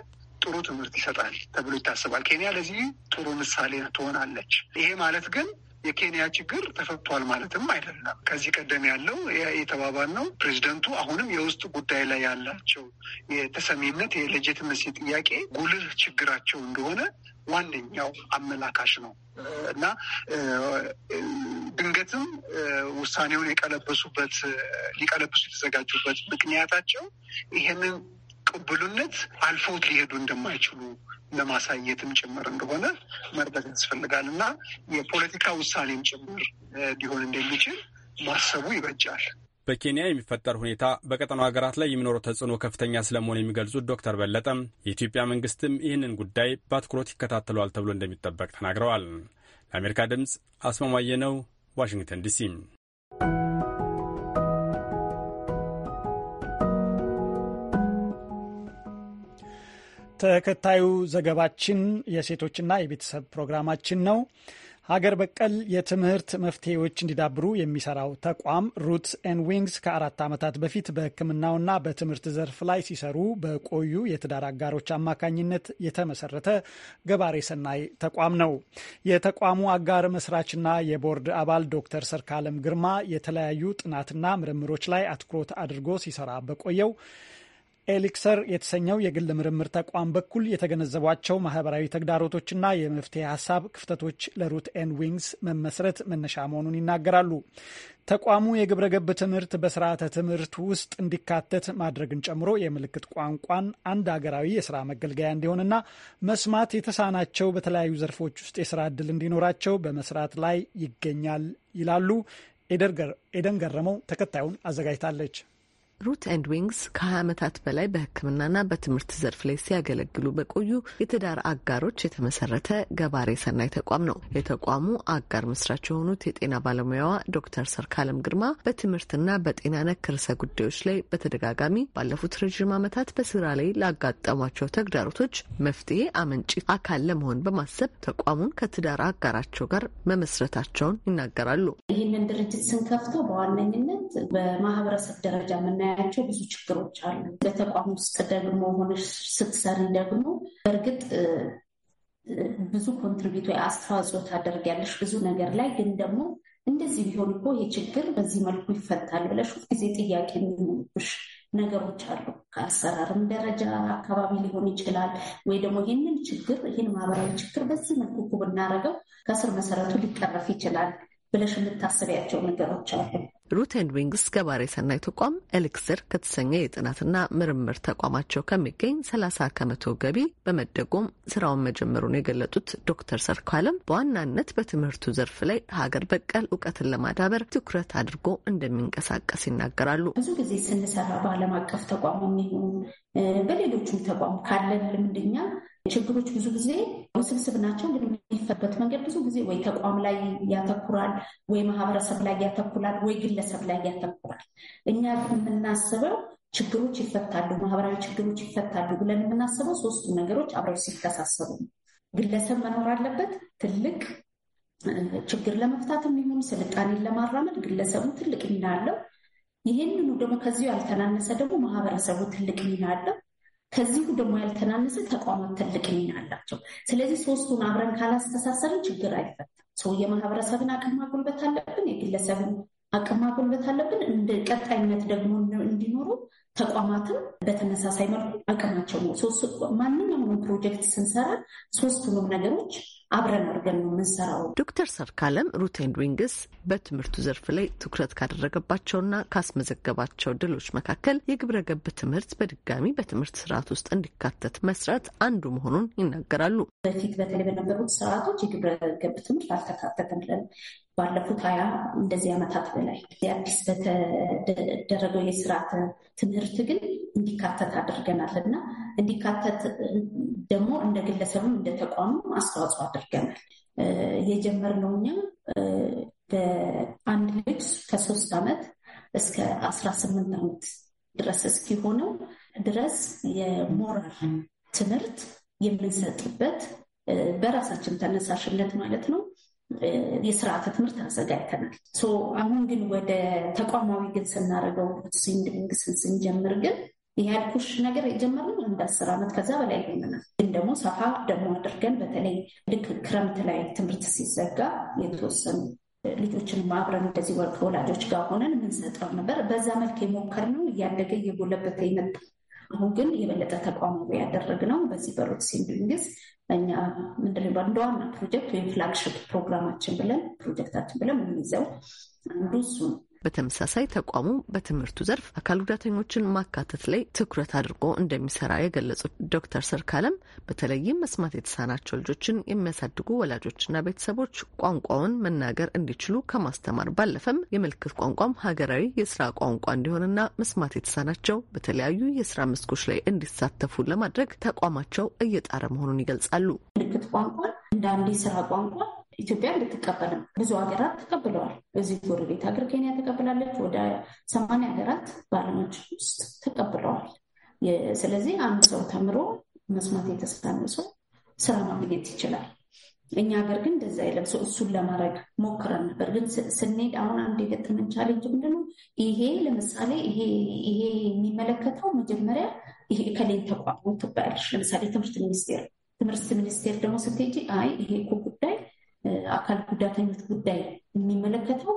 ጥሩ ትምህርት ይሰጣል ተብሎ ይታሰባል። ኬንያ ለዚህ ጥሩ ምሳሌ ትሆናለች። ይሄ ማለት ግን የኬንያ ችግር ተፈቷል ማለትም አይደለም። ከዚህ ቀደም ያለው የተባባል ነው። ፕሬዚደንቱ አሁንም የውስጥ ጉዳይ ላይ ያላቸው የተሰሚነት የሌጂትመሲ ጥያቄ ጉልህ ችግራቸው እንደሆነ ዋነኛው አመላካሽ ነው እና ድንገትም ውሳኔውን የቀለበሱበት ሊቀለብሱ የተዘጋጁበት ምክንያታቸው ይሄንን ቅቡልነት አልፎት ሊሄዱ እንደማይችሉ ለማሳየትም ጭምር እንደሆነ መርዳት ያስፈልጋል እና የፖለቲካ ውሳኔም ጭምር ሊሆን እንደሚችል ማሰቡ ይበጃል። በኬንያ የሚፈጠር ሁኔታ በቀጠናው ሀገራት ላይ የሚኖረው ተጽዕኖ ከፍተኛ ስለመሆን የሚገልጹት ዶክተር በለጠም የኢትዮጵያ መንግስትም ይህንን ጉዳይ በአትኩሮት ይከታተሏል ተብሎ እንደሚጠበቅ ተናግረዋል። ለአሜሪካ ድምፅ አስማማየ ነው፣ ዋሽንግተን ዲሲ። ተከታዩ ዘገባችን የሴቶችና የቤተሰብ ፕሮግራማችን ነው። ሀገር በቀል የትምህርት መፍትሄዎች እንዲዳብሩ የሚሰራው ተቋም ሩትስ ኤን ዊንግስ ከአራት ዓመታት በፊት በሕክምናውና በትምህርት ዘርፍ ላይ ሲሰሩ በቆዩ የትዳር አጋሮች አማካኝነት የተመሰረተ ገባሬ ሰናይ ተቋም ነው። የተቋሙ አጋር መስራችና የቦርድ አባል ዶክተር ሰርካለም ግርማ የተለያዩ ጥናትና ምርምሮች ላይ አትኩሮት አድርጎ ሲሰራ በቆየው ኤሊክሰር የተሰኘው የግል ምርምር ተቋም በኩል የተገነዘቧቸው ማህበራዊ ተግዳሮቶችና የመፍትሄ ሀሳብ ክፍተቶች ለሩት ኤን ዊንግስ መመስረት መነሻ መሆኑን ይናገራሉ። ተቋሙ የግብረ ገብ ትምህርት በስርዓተ ትምህርት ውስጥ እንዲካተት ማድረግን ጨምሮ የምልክት ቋንቋን አንድ ሀገራዊ የስራ መገልገያ እንዲሆንና መስማት የተሳናቸው በተለያዩ ዘርፎች ውስጥ የስራ ዕድል እንዲኖራቸው በመስራት ላይ ይገኛል ይላሉ። ኤደን ገረመው ተከታዩን አዘጋጅታለች። ሩት ኤንድ ዊንግስ ከ20 ዓመታት በላይ በሕክምናና በትምህርት ዘርፍ ላይ ሲያገለግሉ በቆዩ የትዳር አጋሮች የተመሰረተ ገባሬ ሰናይ ተቋም ነው። የተቋሙ አጋር መስራች የሆኑት የጤና ባለሙያዋ ዶክተር ሰርካለም ግርማ በትምህርትና በጤና ነክ ርዕሰ ጉዳዮች ላይ በተደጋጋሚ ባለፉት ረዥም ዓመታት በስራ ላይ ላጋጠሟቸው ተግዳሮቶች መፍትሄ አመንጭ አካል ለመሆን በማሰብ ተቋሙን ከትዳር አጋራቸው ጋር መመስረታቸውን ይናገራሉ። ይህንን ድርጅት ስንከፍተው በዋነኝነት በማህበረሰብ ደረጃ የምናየ የምናያቸው ብዙ ችግሮች አሉ። በተቋም ውስጥ ደግሞ ሆነሽ ስትሰሪ ደግሞ በእርግጥ ብዙ ኮንትሪቢቱ አስተዋጽኦ ታደርጊያለሽ ብዙ ነገር ላይ ግን ደግሞ እንደዚህ ቢሆን እኮ ይህ ችግር በዚህ መልኩ ይፈታል ብለሽ ጊዜ ጥያቄ የሚሆኑብሽ ነገሮች አሉ። ከአሰራርም ደረጃ አካባቢ ሊሆን ይችላል። ወይ ደግሞ ይህንን ችግር ይህን ማህበራዊ ችግር በዚህ መልኩ እኮ ብናረገው ከስር መሰረቱ ሊቀረፍ ይችላል ብለሽ የምታስቢያቸው ነገሮች አሉ። ሩት ዊንግስ ገባሬ ሰናይ ተቋም ኤልክስር ከተሰኘ የጥናትና ምርምር ተቋማቸው ከሚገኝ 30 ከመቶ ገቢ በመደጎም ስራውን መጀመሩን የገለጡት ዶክተር ሰርካለም በዋናነት በትምህርቱ ዘርፍ ላይ ሀገር በቀል እውቀትን ለማዳበር ትኩረት አድርጎ እንደሚንቀሳቀስ ይናገራሉ። ብዙ ጊዜ ስንሰራ በዓለም አቀፍ ተቋም የሚሆን በሌሎቹም ተቋም ካለን ልምድኛ ችግሮች ብዙ ጊዜ ውስብስብ ናቸው። ግን የሚፈበት መንገድ ብዙ ጊዜ ወይ ተቋም ላይ ያተኩራል፣ ወይ ማህበረሰብ ላይ ያተኩራል፣ ወይ ግለሰብ ላይ ያተኩራል። እኛ የምናስበው ችግሮች ይፈታሉ፣ ማህበራዊ ችግሮች ይፈታሉ ብለን የምናስበው ሶስቱ ነገሮች አብረው ሲተሳሰሩ ነው። ግለሰብ መኖር አለበት። ትልቅ ችግር ለመፍታት የሚሆን ስልጣኔን ለማራመድ ግለሰቡ ትልቅ ሚና አለው። ይህንኑ ደግሞ ከዚሁ ያልተናነሰ ደግሞ ማህበረሰቡ ትልቅ ሚና አለው። ከዚሁ ደግሞ ያልተናነሰ ተቋማት ትልቅ ሚና አላቸው። ስለዚህ ሶስቱን አብረን ካላስተሳሰርን ችግር አይፈታም። ሰው የማህበረሰብን አቅም ማጎልበት አለብን። የግለሰብን አቅም ማጎልበት አለብን። እንደ ቀጣይነት ደግሞ እንዲኖሩ ተቋማትም በተመሳሳይ መልኩ አቅማቸው ነው። ማንኛውንም ፕሮጀክት ስንሰራ ሶስቱንም ነገሮች አብረን አድርገን ነው የምንሰራው። ዶክተር ሰርካለም ሩቴን ኤንድ ዊንግስ በትምህርቱ ዘርፍ ላይ ትኩረት ካደረገባቸውና ካስመዘገባቸው ድሎች መካከል የግብረ ገብ ትምህርት በድጋሚ በትምህርት ስርዓት ውስጥ እንዲካተት መስራት አንዱ መሆኑን ይናገራሉ። በፊት በተለይ በነበሩት ስርዓቶች የግብረ ገብ ትምህርት አልተካተተም ብለን ባለፉት ሀያ እንደዚህ ዓመታት በላይ አዲስ በተደረገው የስርዓተ ትምህርት ግን እንዲካተት አድርገናል እና እንዲካተት ደግሞ እንደ ግለሰብም እንደ ተቋሙ አስተዋጽኦ አድርገናል። የጀመርነው እኛ በአንድ ልጅ ከሶስት ዓመት እስከ አስራ ስምንት ዓመት ድረስ እስኪሆነው ድረስ የሞራል ትምህርት የምንሰጥበት በራሳችን ተነሳሽነት ማለት ነው የስርዓተ ትምህርት አዘጋጅተናል። አሁን ግን ወደ ተቋማዊ ግን ስናደርገው ሲንድንግስን ስንጀምር ግን ያልኩሽ ነገር የጀመርነው እንደ አስር ዓመት ከዛ በላይ ይሆንናል። ግን ደግሞ ሰፋ ደግሞ አድርገን በተለይ ልክ ክረምት ላይ ትምህርት ሲዘጋ የተወሰኑ ልጆችን ማብረን እንደዚህ ወር ከወላጆች ጋር ሆነን የምንሰጠው ነበር። በዛ መልክ የሞከርነው እያደገ እየጎለበተ የመጣ አሁን ግን የበለጠ ተቋማዊ ያደረግነው በዚህ በሮት ሲንድንግስ እኛ ምንድን ነው እንደ ዋና ፕሮጀክት ወይም ፍላግሽፕ ፕሮግራማችን ብለን ፕሮጀክታችን ብለን የምንይዘው አንዱ እሱ ነው። በተመሳሳይ ተቋሙ በትምህርቱ ዘርፍ አካል ጉዳተኞችን ማካተት ላይ ትኩረት አድርጎ እንደሚሰራ የገለጹት ዶክተር ሰርካለም በተለይም መስማት የተሳናቸው ልጆችን የሚያሳድጉ ወላጆችና ቤተሰቦች ቋንቋውን መናገር እንዲችሉ ከማስተማር ባለፈም የምልክት ቋንቋም ሀገራዊ የስራ ቋንቋ እንዲሆንና መስማት የተሳናቸው በተለያዩ የስራ መስኮች ላይ እንዲሳተፉ ለማድረግ ተቋማቸው እየጣረ መሆኑን ይገልጻሉ። ምልክት ቋንቋ እንደ አንድ የስራ ቋንቋ ኢትዮጵያ ልትቀበልም ብዙ ሀገራት ተቀብለዋል። በዚህ ጎረቤት ሀገር ኬንያ ተቀብላለች። ወደ ሰማንያ ሀገራት በዓለማች ውስጥ ተቀብለዋል። ስለዚህ አንድ ሰው ተምሮ መስማት የተሳነው ሰው ስራ ማግኘት ይችላል። እኛ ሀገር ግን እንደዛ የለም። ሰው እሱን ለማድረግ ሞክረን ነበር፣ ግን ስንሄድ አሁን አንድ የገጠመን ቻሌንጅ ምንድን ይሄ ለምሳሌ ይሄ የሚመለከተው መጀመሪያ ይሄ ከሌን ተቋሙ ትባያለሽ። ለምሳሌ ትምህርት ሚኒስቴር ትምህርት ሚኒስቴር ደግሞ ስትሄጂ አይ ይሄ እኮ ጉዳይ አካል ጉዳተኞች ጉዳይ የሚመለከተው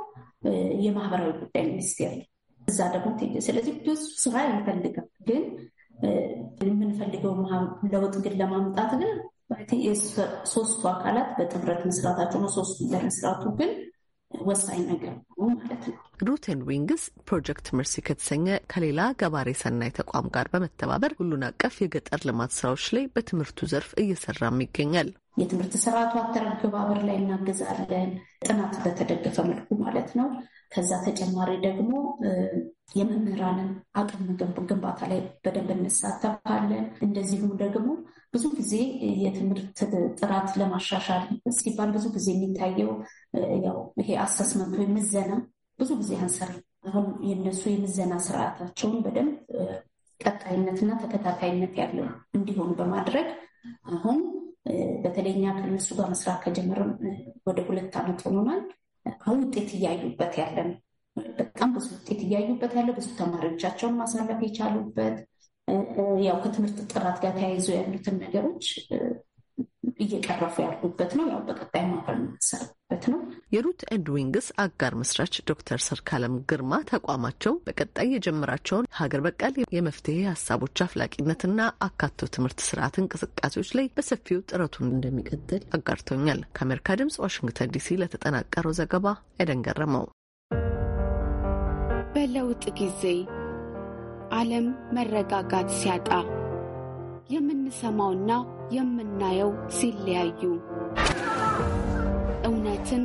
የማህበራዊ ጉዳይ ሚኒስቴር ነው። እዛ ደግሞ ስለዚህ ብዙ ስራ አይፈልግም። ግን የምንፈልገው ለውጥ ግን ለማምጣት ግን ሶስቱ አካላት በጥምረት መስራታቸው ነው። ሶስቱ ለመስራቱ ግን ወሳኝ ነገር ማለት ነው። ሩትን ዊንግስ ፕሮጀክት መርሲ ከተሰኘ ከሌላ ገባሬ ሰናይ ተቋም ጋር በመተባበር ሁሉን አቀፍ የገጠር ልማት ስራዎች ላይ በትምህርቱ ዘርፍ እየሰራም ይገኛል። የትምህርት ስርዓቱ አተገባበር ላይ እናገዛለን። ጥናት በተደገፈ መልኩ ማለት ነው። ከዛ ተጨማሪ ደግሞ የመምህራንን አቅም ግንባታ ላይ በደንብ እንሳተፋለን። እንደዚሁም ደግሞ ብዙ ጊዜ የትምህርት ጥራት ለማሻሻል ሲባል ብዙ ጊዜ የሚታየው ያው ይሄ አሰስመንት ወይም ምዘና ብዙ ጊዜ አንሰር አሁን የነሱ የምዘና ስርዓታቸውን በደንብ ቀጣይነትና ተከታታይነት ያለው እንዲሆኑ በማድረግ አሁን በተለይኛ ከነሱ ጋር መስራት ወደ ሁለት ዓመት ሆኖናል። አሁን ውጤት እያዩበት ያለ ነው። በጣም ብዙ ውጤት እያዩበት ያለ ብዙ ተማሪዎቻቸውን ማሳለፍ የቻሉበት ያው ከትምህርት ጥራት ጋር ተያይዞ ያሉትን ነገሮች እየቀረፉ ያሉበት ነው። ያው በቀጣይ ማብረን የምንሰራበት ነው። የሩት ኤንድ ዊንግስ አጋር መስራች ዶክተር ሰርካለም ግርማ ተቋማቸው በቀጣይ የጀመራቸውን ሀገር በቀል የመፍትሄ ሀሳቦች አፍላቂነትና አካቶ ትምህርት ስርዓት እንቅስቃሴዎች ላይ በሰፊው ጥረቱን እንደሚቀጥል አጋርቶኛል። ከአሜሪካ ድምጽ ዋሽንግተን ዲሲ ለተጠናቀረው ዘገባ ኤደን ገረመው። በለውጥ ጊዜ ዓለም መረጋጋት ሲያጣ የምንሰማውና የምናየው ሲለያዩ እውነትን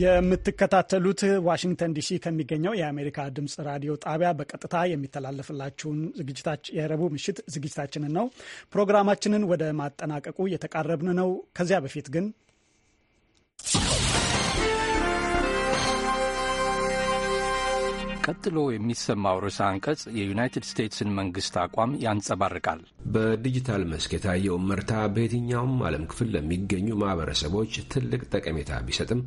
የምትከታተሉት ዋሽንግተን ዲሲ ከሚገኘው የአሜሪካ ድምፅ ራዲዮ ጣቢያ በቀጥታ የሚተላለፍላችሁን ዝግጅታች የረቡዕ ምሽት ዝግጅታችንን ነው። ፕሮግራማችንን ወደ ማጠናቀቁ እየተቃረብን ነው። ከዚያ በፊት ግን ቀጥሎ የሚሰማው ርዕሰ አንቀጽ የዩናይትድ ስቴትስን መንግስት አቋም ያንጸባርቃል። በዲጂታል መስክ የታየው መርታ በየትኛውም ዓለም ክፍል ለሚገኙ ማህበረሰቦች ትልቅ ጠቀሜታ ቢሰጥም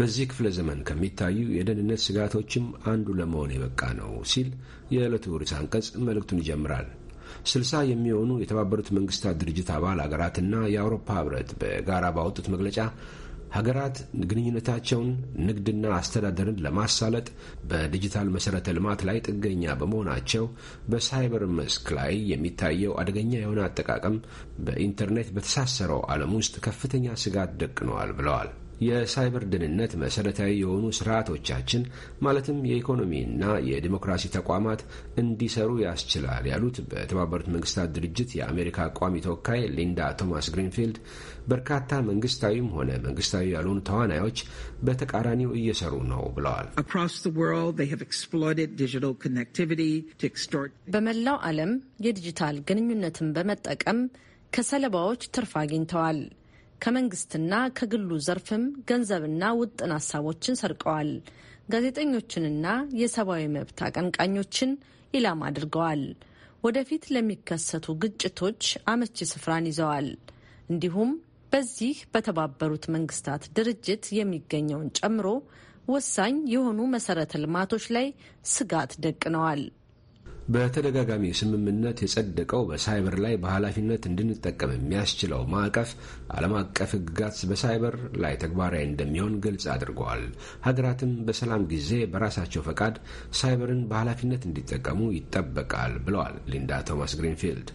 በዚህ ክፍለ ዘመን ከሚታዩ የደህንነት ስጋቶችም አንዱ ለመሆን የበቃ ነው ሲል የዕለቱ ርዕሰ አንቀጽ መልእክቱን ይጀምራል። ስልሳ የሚሆኑ የተባበሩት መንግስታት ድርጅት አባል አገራትና የአውሮፓ ህብረት በጋራ ባወጡት መግለጫ ሀገራት ግንኙነታቸውን ንግድና አስተዳደርን ለማሳለጥ በዲጂታል መሠረተ ልማት ላይ ጥገኛ በመሆናቸው በሳይበር መስክ ላይ የሚታየው አደገኛ የሆነ አጠቃቀም በኢንተርኔት በተሳሰረው ዓለም ውስጥ ከፍተኛ ስጋት ደቅነዋል ብለዋል። የሳይበር ደህንነት መሰረታዊ የሆኑ ስርዓቶቻችን ማለትም የኢኮኖሚና የዲሞክራሲ ተቋማት እንዲሰሩ ያስችላል ያሉት በተባበሩት መንግስታት ድርጅት የአሜሪካ ቋሚ ተወካይ ሊንዳ ቶማስ ግሪንፊልድ በርካታ መንግስታዊም ሆነ መንግስታዊ ያልሆኑ ተዋናዮች በተቃራኒው እየሰሩ ነው ብለዋል። በመላው ዓለም የዲጂታል ግንኙነትን በመጠቀም ከሰለባዎች ትርፍ አግኝተዋል። ከመንግስትና ከግሉ ዘርፍም ገንዘብና ውጥን ሀሳቦችን ሰርቀዋል። ጋዜጠኞችንና የሰብአዊ መብት አቀንቃኞችን ኢላማ አድርገዋል። ወደፊት ለሚከሰቱ ግጭቶች አመቺ ስፍራን ይዘዋል። እንዲሁም በዚህ በተባበሩት መንግስታት ድርጅት የሚገኘውን ጨምሮ ወሳኝ የሆኑ መሰረተ ልማቶች ላይ ስጋት ደቅነዋል። በተደጋጋሚ ስምምነት የጸደቀው በሳይበር ላይ በኃላፊነት እንድንጠቀም የሚያስችለው ማዕቀፍ ዓለም አቀፍ ሕግጋት በሳይበር ላይ ተግባራዊ እንደሚሆን ግልጽ አድርገዋል። ሀገራትም በሰላም ጊዜ በራሳቸው ፈቃድ ሳይበርን በኃላፊነት እንዲጠቀሙ ይጠበቃል ብለዋል ሊንዳ ቶማስ ግሪንፊልድ።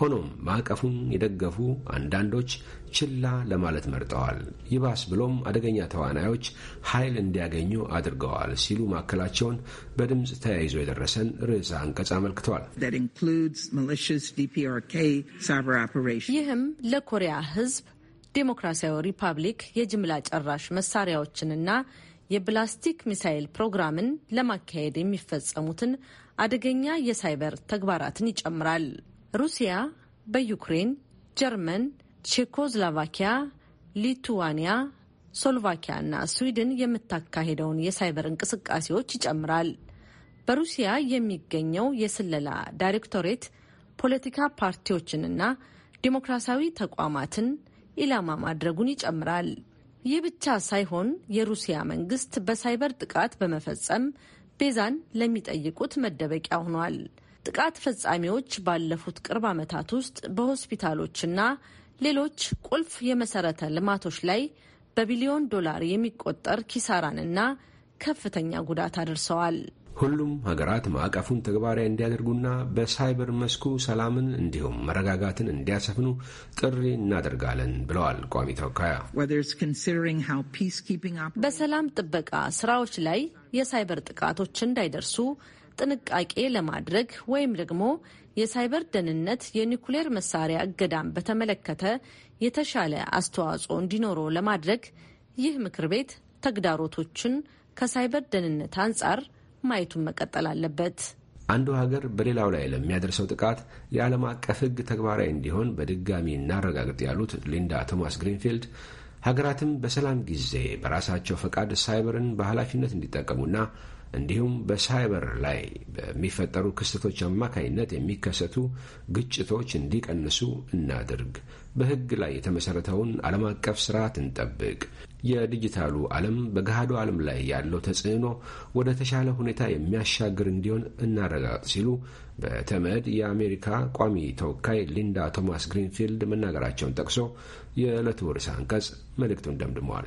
ሆኖም ማዕቀፉን የደገፉ አንዳንዶች ችላ ለማለት መርጠዋል። ይባስ ብሎም አደገኛ ተዋናዮች ኃይል እንዲያገኙ አድርገዋል ሲሉ ማከላቸውን በድምፅ ተያይዞ የደረሰን ርዕሰ አንቀጽ አመልክተዋል። ይህም ለኮሪያ ሕዝብ ዴሞክራሲያዊ ሪፐብሊክ የጅምላ ጨራሽ መሳሪያዎችንና የፕላስቲክ ሚሳይል ፕሮግራምን ለማካሄድ የሚፈጸሙትን አደገኛ የሳይበር ተግባራትን ይጨምራል። ሩሲያ በዩክሬን ጀርመን ቼኮስሎቫኪያ፣ ሊቱዋኒያ፣ ሶልቫኪያ እና ስዊድን የምታካሄደውን የሳይበር እንቅስቃሴዎች ይጨምራል። በሩሲያ የሚገኘው የስለላ ዳይሬክቶሬት ፖለቲካ ፓርቲዎችንና ዲሞክራሲያዊ ተቋማትን ኢላማ ማድረጉን ይጨምራል። ይህ ብቻ ሳይሆን የሩሲያ መንግስት በሳይበር ጥቃት በመፈጸም ቤዛን ለሚጠይቁት መደበቂያ ሆኗል። ጥቃት ፈጻሚዎች ባለፉት ቅርብ ዓመታት ውስጥ በሆስፒታሎችና ሌሎች ቁልፍ የመሰረተ ልማቶች ላይ በቢሊዮን ዶላር የሚቆጠር ኪሳራንና ከፍተኛ ጉዳት አድርሰዋል። ሁሉም ሀገራት ማዕቀፉን ተግባራዊ እንዲያደርጉና በሳይበር መስኩ ሰላምን እንዲሁም መረጋጋትን እንዲያሰፍኑ ጥሪ እናደርጋለን ብለዋል ቋሚ ተወካያ። በሰላም ጥበቃ ስራዎች ላይ የሳይበር ጥቃቶች እንዳይደርሱ ጥንቃቄ ለማድረግ ወይም ደግሞ የሳይበር ደህንነት የኒኩሌር መሳሪያ እገዳን በተመለከተ የተሻለ አስተዋጽኦ እንዲኖረው ለማድረግ ይህ ምክር ቤት ተግዳሮቶችን ከሳይበር ደህንነት አንጻር ማየቱን መቀጠል አለበት። አንዱ ሀገር በሌላው ላይ ለሚያደርሰው ጥቃት የዓለም አቀፍ ሕግ ተግባራዊ እንዲሆን በድጋሚ እናረጋግጥ ያሉት ሊንዳ ቶማስ ግሪንፊልድ ሀገራትም በሰላም ጊዜ በራሳቸው ፈቃድ ሳይበርን በኃላፊነት እንዲጠቀሙና እንዲሁም በሳይበር ላይ በሚፈጠሩ ክስተቶች አማካኝነት የሚከሰቱ ግጭቶች እንዲቀንሱ እናድርግ። በሕግ ላይ የተመሠረተውን ዓለም አቀፍ ስርዓት እንጠብቅ። የዲጂታሉ ዓለም በገሃዱ ዓለም ላይ ያለው ተጽዕኖ ወደ ተሻለ ሁኔታ የሚያሻግር እንዲሆን እናረጋግጥ ሲሉ በተመድ የአሜሪካ ቋሚ ተወካይ ሊንዳ ቶማስ ግሪንፊልድ መናገራቸውን ጠቅሶ የዕለቱ ርዕሰ አንቀጽ መልእክቱን ደምድመዋል።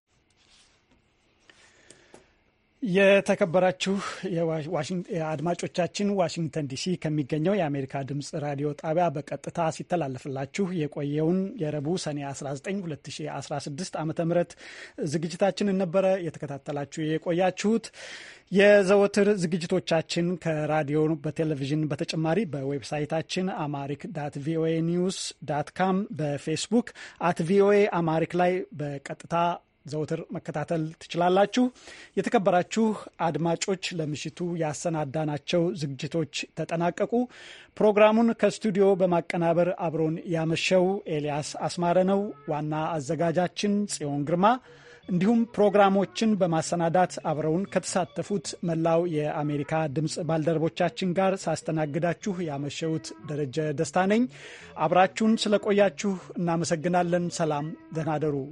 የተከበራችሁ አድማጮቻችን ዋሽንግተን ዲሲ ከሚገኘው የአሜሪካ ድምፅ ራዲዮ ጣቢያ በቀጥታ ሲተላለፍላችሁ የቆየውን የረቡዕ ሰኔ 19 2016 ዓ ም ዝግጅታችንን ነበረ የተከታተላችሁ የቆያችሁት። የዘወትር ዝግጅቶቻችን ከራዲዮ በቴሌቪዥን በተጨማሪ በዌብሳይታችን አማሪክ ዳት ቪኦኤ ኒውስ ዳት ካም በፌስቡክ አት ቪኦኤ አማሪክ ላይ በቀጥታ ዘውትር መከታተል ትችላላችሁ። የተከበራችሁ አድማጮች ለምሽቱ ያሰናዳናቸው ዝግጅቶች ተጠናቀቁ። ፕሮግራሙን ከስቱዲዮ በማቀናበር አብሮን ያመሸው ኤልያስ አስማረ ነው። ዋና አዘጋጃችን ጽዮን ግርማ እንዲሁም ፕሮግራሞችን በማሰናዳት አብረውን ከተሳተፉት መላው የአሜሪካ ድምፅ ባልደረቦቻችን ጋር ሳስተናግዳችሁ ያመሸሁት ደረጀ ደስታ ነኝ። አብራችሁን ስለቆያችሁ እናመሰግናለን። ሰላም፣ ደህና